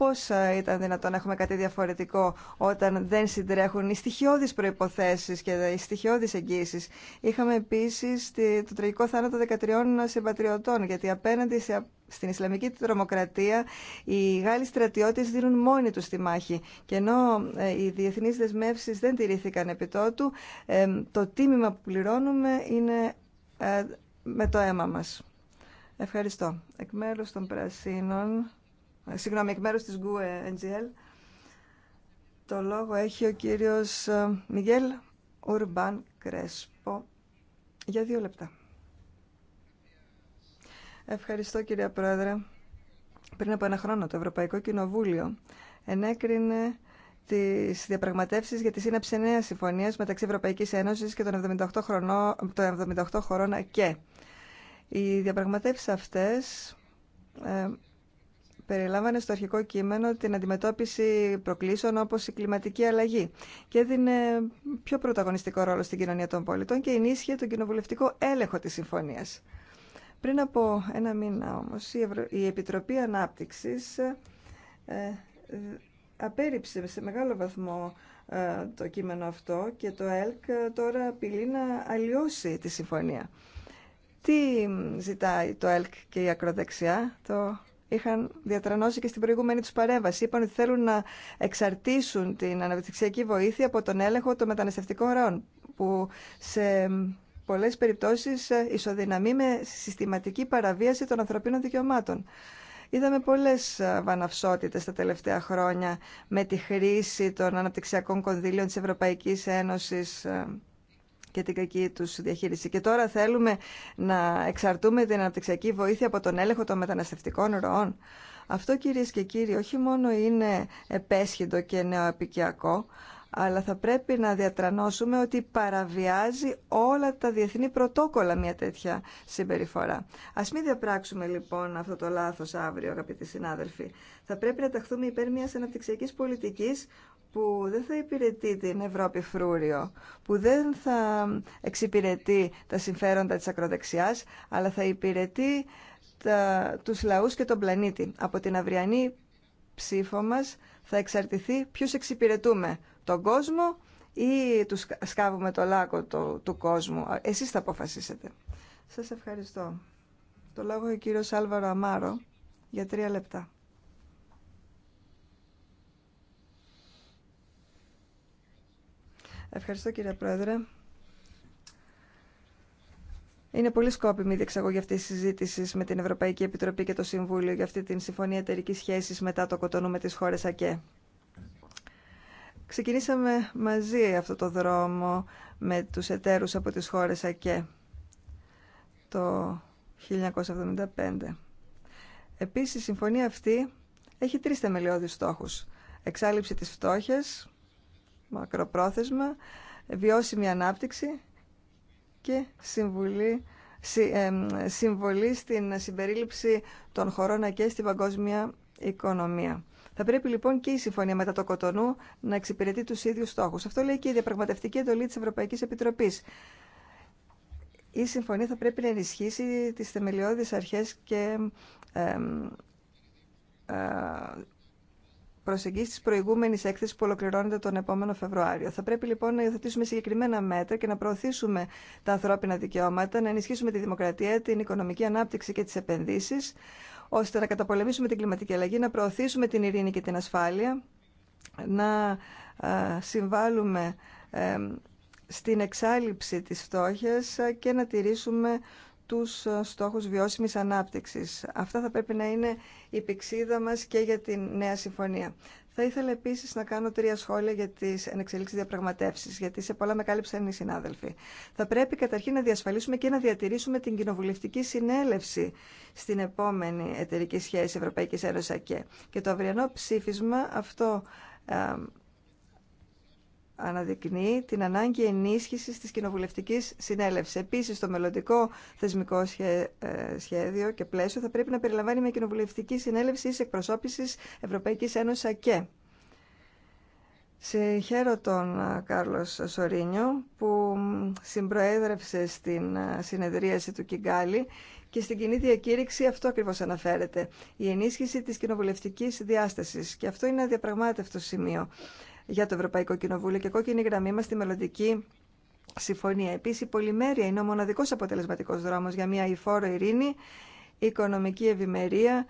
πώς ε, ήταν δυνατόν να έχουμε κάτι διαφορετικό όταν δεν συντρέχουν οι στοιχειώδεις προϋποθέσεις και οι στοιχειώδεις εγγύσεις. Είχαμε επίσης το τραγικό θάνατο 13 συμπατριωτών, γιατί απέναντι στην Ισλαμική τρομοκρατία οι Γάλλοι στρατιώτες δίνουν μόνοι τους τη μάχη. Και ενώ ε, οι διεθνείς δεσμεύσεις δεν τηρήθηκαν επί τότου, ε, το τίμημα που πληρώνουμε είναι με το αίμα μας. Ευχαριστώ. Εκ μέρους των Πρασίνων... Ε, συγγνώμη, εκ μέρους της GUE NGL. Το λόγο έχει ο κύριος ε, Μιγέλ Ουρμπάν Κρέσπο για δύο λεπτά. Ευχαριστώ κύριε Πρόεδρε. Πριν από ένα χρόνο το Ευρωπαϊκό Κοινοβούλιο ενέκρινε τι διαπραγματεύσει για τη σύναψη νέα συμφωνία μεταξύ Ευρωπαϊκή Ένωση και των 78, χρόνο των 78 χωρών ΑΚΕ. Οι διαπραγματεύσει αυτέ ε, περιλάμβανε στο αρχικό κείμενο την αντιμετώπιση προκλήσεων όπως η κλιματική αλλαγή και έδινε πιο πρωταγωνιστικό ρόλο στην κοινωνία των πολιτών και ενίσχυε τον κοινοβουλευτικό έλεγχο της συμφωνίας. Πριν από ένα μήνα όμως η Επιτροπή Ανάπτυξης ε, απέριψε σε μεγάλο βαθμό ε, το κείμενο αυτό και το ΕΛΚ ε, τώρα απειλεί να αλλοιώσει τη συμφωνία. Τι ζητάει το ΕΛΚ και η ακροδεξιά, το είχαν διατρανώσει και στην προηγούμενη του παρέμβαση. Είπαν ότι θέλουν να εξαρτήσουν την αναπτυξιακή βοήθεια από τον έλεγχο των μεταναστευτικών ροών, που σε πολλές περιπτώσεις ισοδυναμεί με συστηματική παραβίαση των ανθρωπίνων δικαιωμάτων. Είδαμε πολλές βαναυσότητες τα τελευταία χρόνια με τη χρήση των αναπτυξιακών κονδύλιων τη Ευρωπαϊκή Ένωση. Ε, και την κακή του διαχείριση. Και τώρα θέλουμε να εξαρτούμε την αναπτυξιακή βοήθεια από τον έλεγχο των μεταναστευτικών ροών. Αυτό κυρίε και κύριοι όχι μόνο είναι επέσχυντο και νεοαπικιακό, αλλά θα πρέπει να διατρανώσουμε ότι παραβιάζει όλα τα διεθνή πρωτόκολλα μια τέτοια συμπεριφορά. Ας μην διαπράξουμε λοιπόν αυτό το λάθος αύριο, αγαπητοί συνάδελφοι. Θα πρέπει να ταχθούμε υπέρ μιας αναπτυξιακής πολιτικής που δεν θα υπηρετεί την Ευρώπη φρούριο, που δεν θα εξυπηρετεί τα συμφέροντα της ακροδεξιάς, αλλά θα υπηρετεί τα, τους λαούς και τον πλανήτη. Από την αυριανή ψήφο μας θα εξαρτηθεί ποιους εξυπηρετούμε, τον κόσμο ή τους σκάβουμε το λάκκο το, του κόσμου. Εσείς θα αποφασίσετε. Σας ευχαριστώ. Το λόγο ο κύριος Άλβαρο Αμάρο για τρία λεπτά. Ευχαριστώ κύριε Πρόεδρε. Είναι πολύ σκόπιμη η διεξαγωγή αυτή τη συζήτηση με την Ευρωπαϊκή Επιτροπή και το Συμβούλιο για αυτή την συμφωνία εταιρική σχέση μετά το κοτονού με τι χώρε ΑΚΕ. Ξεκινήσαμε μαζί αυτό το δρόμο με τους εταίρους από τις χώρες ΑΚΕ το 1975. Επίσης, η συμφωνία αυτή έχει τρεις θεμελιώδεις στόχους. Εξάλληψη της φτώχειας, μακροπρόθεσμα, βιώσιμη ανάπτυξη και συμβουλή, συμβολή στην συμπερίληψη των χωρών και στη παγκόσμια οικονομία. Θα πρέπει λοιπόν και η συμφωνία μετά το Κοτονού να εξυπηρετεί του ίδιου στόχου. Αυτό λέει και η διαπραγματευτική εντολή τη Ευρωπαϊκή Επιτροπή. Η συμφωνία θα πρέπει να ενισχύσει τι θεμελιώδει αρχέ και ε, προσεγγίσει τη προηγούμενη έκθεση που ολοκληρώνεται τον επόμενο Φεβρουάριο. Θα πρέπει λοιπόν να υιοθετήσουμε συγκεκριμένα μέτρα και να προωθήσουμε τα ανθρώπινα δικαιώματα, να ενισχύσουμε τη δημοκρατία, την οικονομική ανάπτυξη και τι επενδύσει, ώστε να καταπολεμήσουμε την κλιματική αλλαγή, να προωθήσουμε την ειρήνη και την ασφάλεια, να ε, συμβάλλουμε ε, στην εξάλληψη της φτώχειας και να τηρήσουμε τους ε, στόχους βιώσιμης ανάπτυξης. Αυτά θα πρέπει να είναι η πηξίδα μας και για την νέα συμφωνία. Θα ήθελα επίση να κάνω τρία σχόλια για τι ενεξελίξει διαπραγματεύσει, γιατί σε πολλά με κάλυψαν οι συνάδελφοι. Θα πρέπει καταρχήν να διασφαλίσουμε και να διατηρήσουμε την κοινοβουλευτική συνέλευση στην επόμενη εταιρική σχέση Ευρωπαϊκή Ένωση ΑΚΕ. Και το αυριανό ψήφισμα αυτό ε, αναδεικνύει την ανάγκη ενίσχυσης της κοινοβουλευτικής συνέλευσης. Επίσης, το μελλοντικό θεσμικό ε, σχέδιο και πλαίσιο θα πρέπει να περιλαμβάνει μια κοινοβουλευτική συνέλευση εις εκπροσώπησης Ευρωπαϊκής Ένωσης ΑΚΕ. Σε χαίρο τον ε, Κάρλος Σορίνιο που συμπροέδρευσε στην ε, συνεδρίαση του Κιγκάλι και στην κοινή διακήρυξη αυτό ακριβώς αναφέρεται, η ενίσχυση της κοινοβουλευτική διάστασης. Και αυτό είναι αδιαπραγμάτευτο σημείο για το Ευρωπαϊκό Κοινοβούλιο και κόκκινη γραμμή μας στη μελλοντική συμφωνία. Επίσης, η πολυμέρεια είναι ο μοναδικό αποτελεσματικός δρόμο για μια υφόρο ειρήνη, οικονομική ευημερία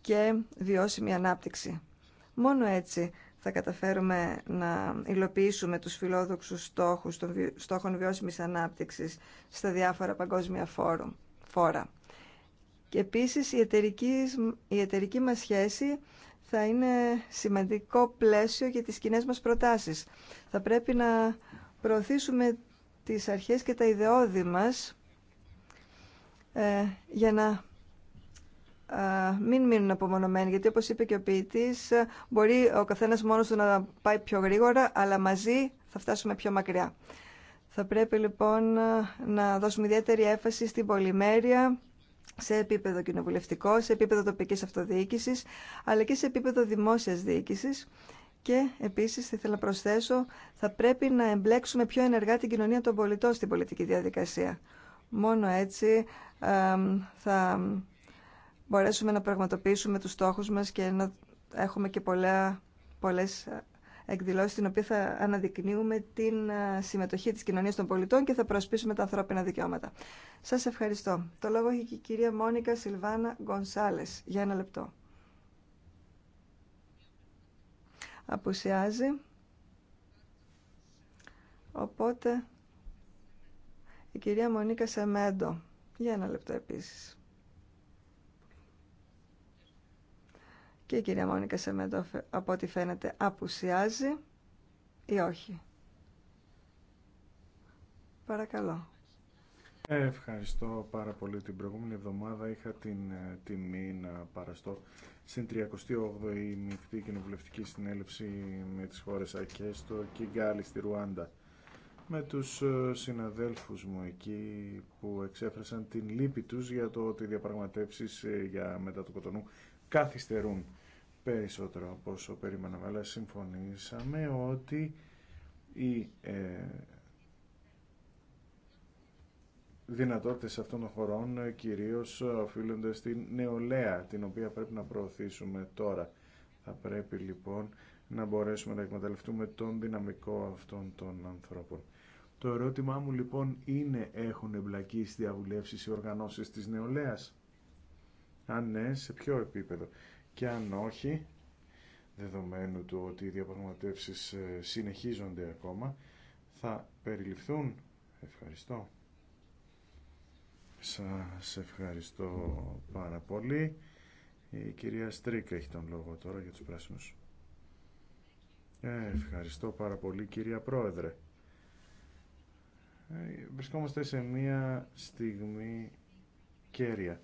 και βιώσιμη ανάπτυξη. Μόνο έτσι θα καταφέρουμε να υλοποιήσουμε τους φιλόδοξους στόχους των στόχων βιώσιμης ανάπτυξης στα διάφορα παγκόσμια φόρα. Και επίσης η εταιρική, η μας σχέση θα είναι σημαντικό πλαίσιο για τις κοινέ μας προτάσεις. Θα πρέπει να προωθήσουμε τις αρχές και τα ιδεώδη μας ε, για να μην μείνουν απομονωμένοι, γιατί όπως είπε και ο ποιητής, μπορεί ο καθένας μόνος του να πάει πιο γρήγορα, αλλά μαζί θα φτάσουμε πιο μακριά. Θα πρέπει λοιπόν να δώσουμε ιδιαίτερη έφαση στην πολυμέρεια, σε επίπεδο κοινοβουλευτικό, σε επίπεδο τοπικής αυτοδιοίκησης, αλλά και σε επίπεδο δημόσιας διοίκησης. Και επίσης, θα ήθελα να προσθέσω, θα πρέπει να εμπλέξουμε πιο ενεργά την κοινωνία των πολιτών στην πολιτική διαδικασία. Μόνο έτσι θα μπορέσουμε να πραγματοποιήσουμε τους στόχους μας και να έχουμε και πολλά, πολλές εκδηλώσει στην οποία θα αναδεικνύουμε την ε, συμμετοχή της κοινωνίας των πολιτών και θα προσπίσουμε τα ανθρώπινα δικαιώματα. Σας ευχαριστώ. Το λόγο έχει η κυρία Μόνικα Σιλβάνα Γκονσάλες. Για ένα λεπτό. Απουσιάζει. Οπότε η κυρία Μονίκα Σεμέντο. Για ένα λεπτό επίσης. Και η κυρία Μόνικα Σεμέντο από ό,τι φαίνεται απουσιάζει ή όχι. Παρακαλώ. Ευχαριστώ πάρα πολύ. Την προηγούμενη εβδομάδα είχα την ε, τιμή να παραστώ στην 38η Μεικτή Κοινοβουλευτική Συνέλευση με τις χώρες Ακέστο και Κιγκάλι στη Ρουάντα με τους ε, συναδέλφους μου εκεί που εξέφρασαν την λύπη τους για το ότι οι διαπραγματεύσεις ε, για μετά το Κοτονού καθυστερούν περισσότερο από όσο περίμεναμε, αλλά συμφωνήσαμε ότι οι ε, δυνατότητες αυτών των χωρών ε, κυρίως ε, οφείλονται στην νεολαία, την οποία πρέπει να προωθήσουμε τώρα. Θα πρέπει λοιπόν να μπορέσουμε να εκμεταλλευτούμε τον δυναμικό αυτών των ανθρώπων. Το ερώτημά μου λοιπόν είναι έχουν εμπλακεί στις διαβουλεύσεις οι οργανώσεις της νεολαίας. Αν ναι, σε ποιο επίπεδο και αν όχι, δεδομένου του ότι οι διαπραγματεύσεις ε, συνεχίζονται ακόμα, θα περιληφθούν. Ευχαριστώ. Σας ευχαριστώ πάρα πολύ. Η κυρία Στρίκα έχει τον λόγο τώρα για τους πράσινους. Ε, ευχαριστώ πάρα πολύ κυρία Πρόεδρε. Ε, βρισκόμαστε σε μία στιγμή κέρια.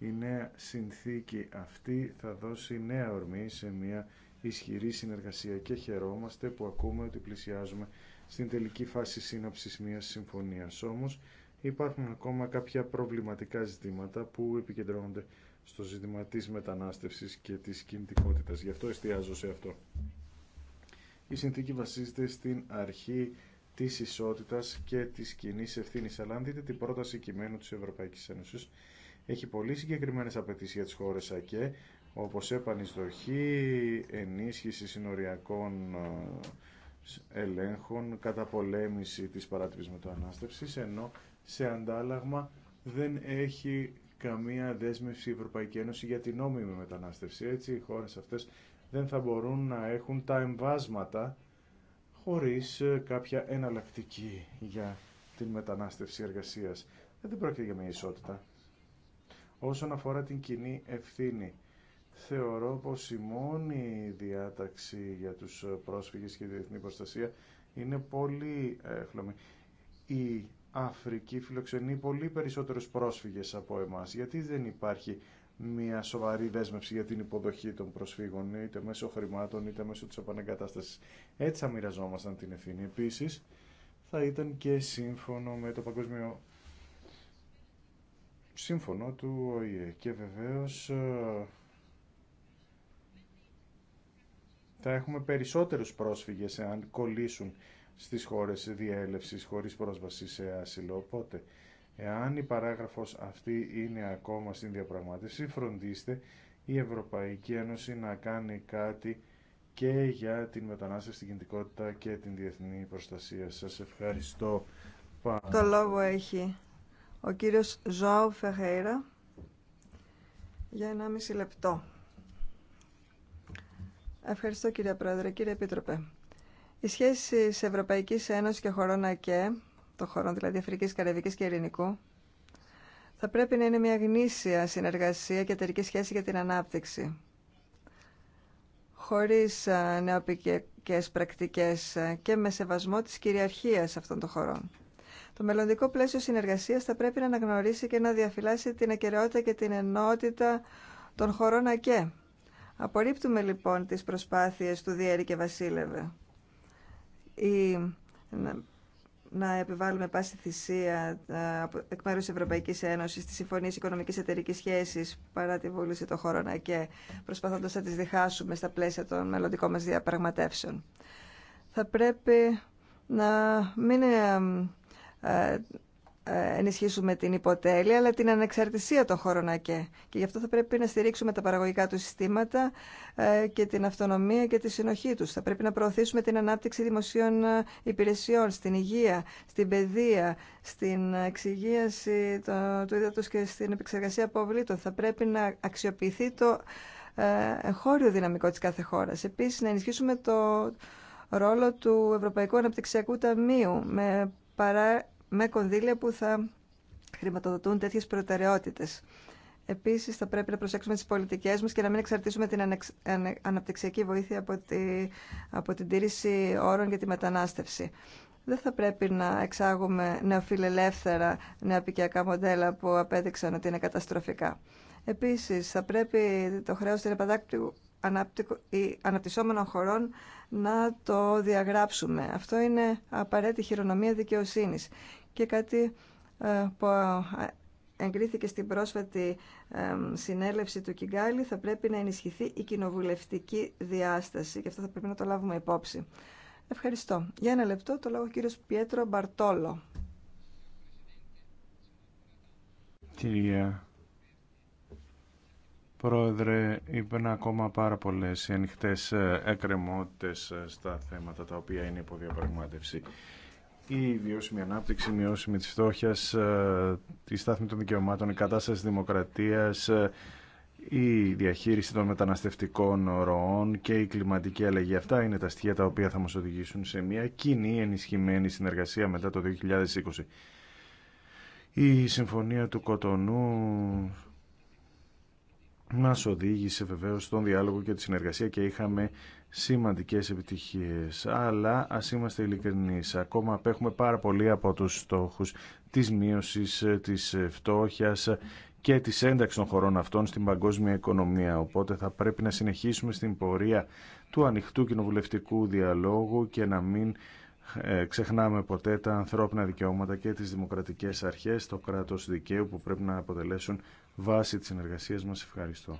Η νέα συνθήκη αυτή θα δώσει νέα ορμή σε μια ισχυρή συνεργασία και χαιρόμαστε που ακούμε ότι πλησιάζουμε στην τελική φάση σύναψης μιας συμφωνίας. Όμως υπάρχουν ακόμα κάποια προβληματικά ζητήματα που επικεντρώνονται στο ζήτημα της μετανάστευσης και της κινητικότητας. Γι' αυτό εστιάζω σε αυτό. Η συνθήκη βασίζεται στην αρχή της ισότητας και της κοινή ευθύνη. Αλλά αν δείτε την πρόταση κειμένου της Ευρωπαϊκής Ένωσης, έχει πολύ συγκεκριμένες απαιτήσεις για τις χώρες ΑΚΕ, όπως επανειστοχή, ενίσχυση συνοριακών ε, ελέγχων, καταπολέμηση της παράτυπης μετανάστευσης, ενώ σε αντάλλαγμα δεν έχει καμία δέσμευση η Ευρωπαϊκή Ένωση για την νόμιμη μετανάστευση. Έτσι οι χώρες αυτές δεν θα μπορούν να έχουν τα εμβάσματα χωρίς ε, κάποια εναλλακτική για την μετανάστευση εργασίας. Ε, δεν πρόκειται για μια ισότητα. Όσον αφορά την κοινή ευθύνη, θεωρώ πως η μόνη διάταξη για τους πρόσφυγες και τη διεθνή προστασία είναι πολύ ε, χλωμή. Η Αφρική φιλοξενεί πολύ περισσότερους πρόσφυγες από εμάς. Γιατί δεν υπάρχει μια σοβαρή δέσμευση για την υποδοχή των προσφύγων, είτε μέσω χρημάτων, είτε μέσω της επανεγκατάστασης. Έτσι θα μοιραζόμασταν την ευθύνη. Επίσης, θα ήταν και σύμφωνο με το Παγκόσμιο σύμφωνο του ΟΗΕ και βεβαίως ε, θα έχουμε περισσότερους πρόσφυγες εάν κολλήσουν στις χώρες διέλευσης χωρίς πρόσβαση σε άσυλο. Οπότε, εάν η παράγραφος αυτή είναι ακόμα στην διαπραγμάτευση, φροντίστε η Ευρωπαϊκή Ένωση να κάνει κάτι και για την μετανάστευση, την κινητικότητα και την διεθνή προστασία. Σας ευχαριστώ. Το λόγο έχει ο κύριος Ζωάου Φεχέιρα για 1,5 λεπτό. Ευχαριστώ κύριε Πρόεδρε, κύριε Επίτροπε. Οι της Ευρωπαϊκής Ένωσης και χωρών ΑΚΕ, των χωρών δηλαδή Αφρικής, Καραβικής και Ειρηνικού, θα πρέπει να είναι μια γνήσια συνεργασία και εταιρική σχέση για την ανάπτυξη. Χωρίς νεοπικικές πρακτικές και με σεβασμό της κυριαρχίας αυτών των χωρών. Το μελλοντικό πλαίσιο συνεργασία θα πρέπει να αναγνωρίσει και να διαφυλάσει την ακαιρεότητα και την ενότητα των χωρών ΑΚΕ. Απορρίπτουμε λοιπόν τις προσπάθειες του Διέρη και Βασίλευε. Η... Να επιβάλλουμε πάση θυσία ε, εκ μέρου τη Ευρωπαϊκή Ένωση τη Συμφωνία Οικονομική Εταιρική Σχέση παρά τη βούληση των χωρών ΑΚΕ, προσπαθώντα να τι διχάσουμε στα πλαίσια των μελλοντικών μα διαπραγματεύσεων. Θα πρέπει να μην ε, ε, ε, ενισχύσουμε την υποτέλεια, αλλά την ανεξαρτησία των χωρών ΑΚΕ. Και γι' αυτό θα πρέπει να στηρίξουμε τα παραγωγικά του συστήματα ε, και την αυτονομία και τη συνοχή τους. Θα πρέπει να προωθήσουμε την ανάπτυξη δημοσίων υπηρεσιών στην υγεία, στην παιδεία, στην εξυγίαση του ίδιου και στην επεξεργασία αποβλήτων. Θα πρέπει να αξιοποιηθεί το χώριο δυναμικό της κάθε χώρας. Επίσης, να ενισχύσουμε το ρόλο του Ευρωπαϊκού Αναπτυξιακού Ταμείου με παρά με κονδύλια που θα χρηματοδοτούν τέτοιες προτεραιότητες. Επίσης θα πρέπει να προσέξουμε τις πολιτικές μας και να μην εξαρτήσουμε την αναπτυξιακή βοήθεια από, την τήρηση όρων για τη μετανάστευση. Δεν θα πρέπει να εξάγουμε νεοφιλελεύθερα νεαπικιακά μοντέλα που απέδειξαν ότι είναι καταστροφικά. Επίσης, θα πρέπει το χρέος του αναπτυσσόμενων χωρών να το διαγράψουμε. Αυτό είναι απαραίτητη χειρονομία δικαιοσύνης και κάτι ε, που ε, εγκρίθηκε στην πρόσφατη ε, συνέλευση του Κιγκάλη θα πρέπει να ενισχυθεί η κοινοβουλευτική διάσταση και αυτό θα πρέπει να το λάβουμε υπόψη. Ευχαριστώ. Για ένα λεπτό το λόγο κύριος Πιέτρο Μπαρτόλο. Κυρία Πρόεδρε, είπαν ακόμα πάρα πολλέ οι ανοιχτές ε, ε, στα θέματα τα οποία είναι υπό διαπραγματεύση. Η βιώσιμη ανάπτυξη, η μειώσιμη τη φτώχεια, ε, η στάθμη των δικαιωμάτων, η κατάσταση της δημοκρατίας, η διαχείριση των μεταναστευτικών ροών και η κλιματική αλλαγή. Αυτά είναι τα στοιχεία τα οποία θα μα οδηγήσουν σε μια κοινή ενισχυμένη συνεργασία μετά το 2020. Η Συμφωνία του Κοτονού μας οδήγησε βεβαίως στον διάλογο και τη συνεργασία και είχαμε σημαντικές επιτυχίες. Αλλά ας είμαστε ειλικρινείς, ακόμα απέχουμε πάρα πολύ από τους στόχους της μείωσης, της φτώχειας και της ένταξης των χωρών αυτών στην παγκόσμια οικονομία. Οπότε θα πρέπει να συνεχίσουμε στην πορεία του ανοιχτού κοινοβουλευτικού διαλόγου και να μην ε, ξεχνάμε ποτέ τα ανθρώπινα δικαιώματα και τις δημοκρατικές αρχές, το κράτος δικαίου που πρέπει να αποτελέσουν βάση της συνεργασίας μας. Ευχαριστώ.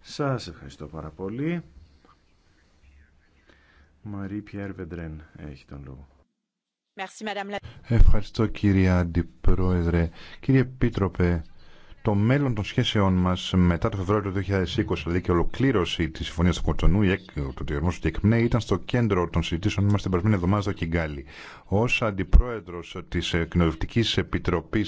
Σας ευχαριστώ πάρα πολύ. Μαρή Πιέρ Βεντρέν έχει τον λόγο. Ευχαριστώ κυρία Αντιπρόεδρε. Κύριε Πίτροπε, το μέλλον των σχέσεών μα μετά το Φεβρουάριο του 2020, δηλαδή και ολοκλήρωση τη Συμφωνία του Κοτσονού, το διαγωνισμό του Τεκμνέ, ήταν στο κέντρο των συζητήσεων μα την περασμένη εβδομάδα στο Κιγκάλι. Ω αντιπρόεδρος τη Κοινοβουλευτική επιτροπή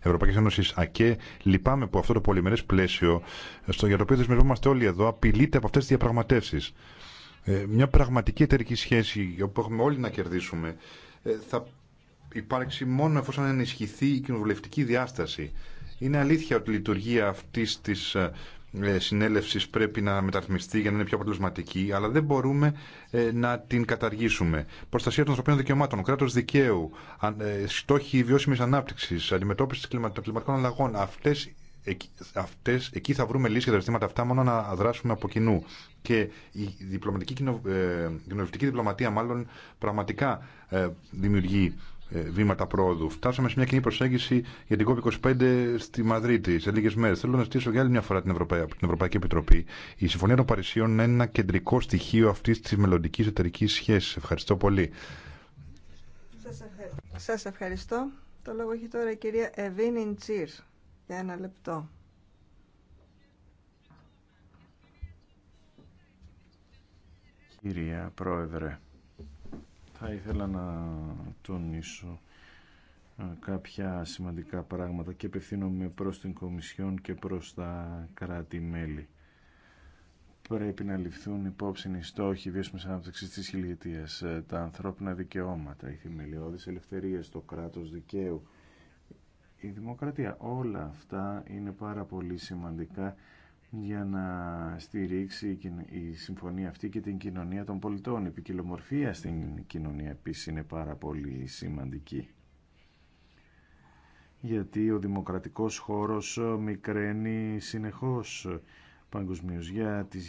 Ευρωπαϊκή Ένωση ΑΚΕ, λυπάμαι που αυτό το πολυμερέ πλαίσιο, στο για το οποίο δεσμευόμαστε όλοι εδώ, απειλείται από αυτές τις διαπραγματεύσεις. Ε, μια πραγματική εταιρική σχέση, όπου έχουμε όλοι να κερδίσουμε, ε, θα υπάρξει μόνο εφόσον ενισχυθεί η κοινοβουλευτική διάσταση. Είναι αλήθεια ότι η λειτουργία αυτή της ε, συνέλευση πρέπει να μεταρρυθμιστεί για να είναι πιο αποτελεσματική, αλλά δεν μπορούμε ε, να την καταργήσουμε. Προστασία των ανθρωπίνων δικαιωμάτων, κράτο δικαίου, ε, στόχοι βιώσιμη ανάπτυξη, αντιμετώπιση των κλιματικών αλλαγών, Αυτέ Εκεί, αυτές, εκεί θα βρούμε λύσεις για τα ζητήματα αυτά μόνο να δράσουμε από κοινού. Και η διπλωματική, κοινοβουλευτική διπλωματία μάλλον πραγματικά ε, δημιουργεί ε, βήματα πρόοδου. Φτάσαμε σε μια κοινή προσέγγιση για την COP25 στη Μαδρίτη σε λίγε μέρε. Θέλω να στήσω για άλλη μια φορά την, Ευρωπαϊκή, την Ευρωπαϊκή Επιτροπή. Η Συμφωνία των Παρισίων είναι ένα κεντρικό στοιχείο αυτή τη μελλοντική εταιρική σχέση. Ευχαριστώ πολύ. Σα ευχαριστώ. Το λόγο έχει τώρα η κυρία Εβίνιν Τσίρ για ένα λεπτό. Κυρία Πρόεδρε, θα ήθελα να τονίσω ε, κάποια σημαντικά πράγματα και απευθύνομαι προς την Κομισιόν και προς τα κράτη-μέλη. Πρέπει να ληφθούν υπόψη οι στόχοι βίωσιμη ανάπτυξης της χιλιετίας, ε, τα ανθρώπινα δικαιώματα, οι θεμελιώδει ελευθερίες, το κράτος δικαίου, η δημοκρατία. Όλα αυτά είναι πάρα πολύ σημαντικά για να στηρίξει η συμφωνία αυτή και την κοινωνία των πολιτών. Η ποικιλομορφία στην κοινωνία επίσης είναι πάρα πολύ σημαντική. Γιατί ο δημοκρατικός χώρος ε, μικραίνει συνεχώς παγκοσμίω για τις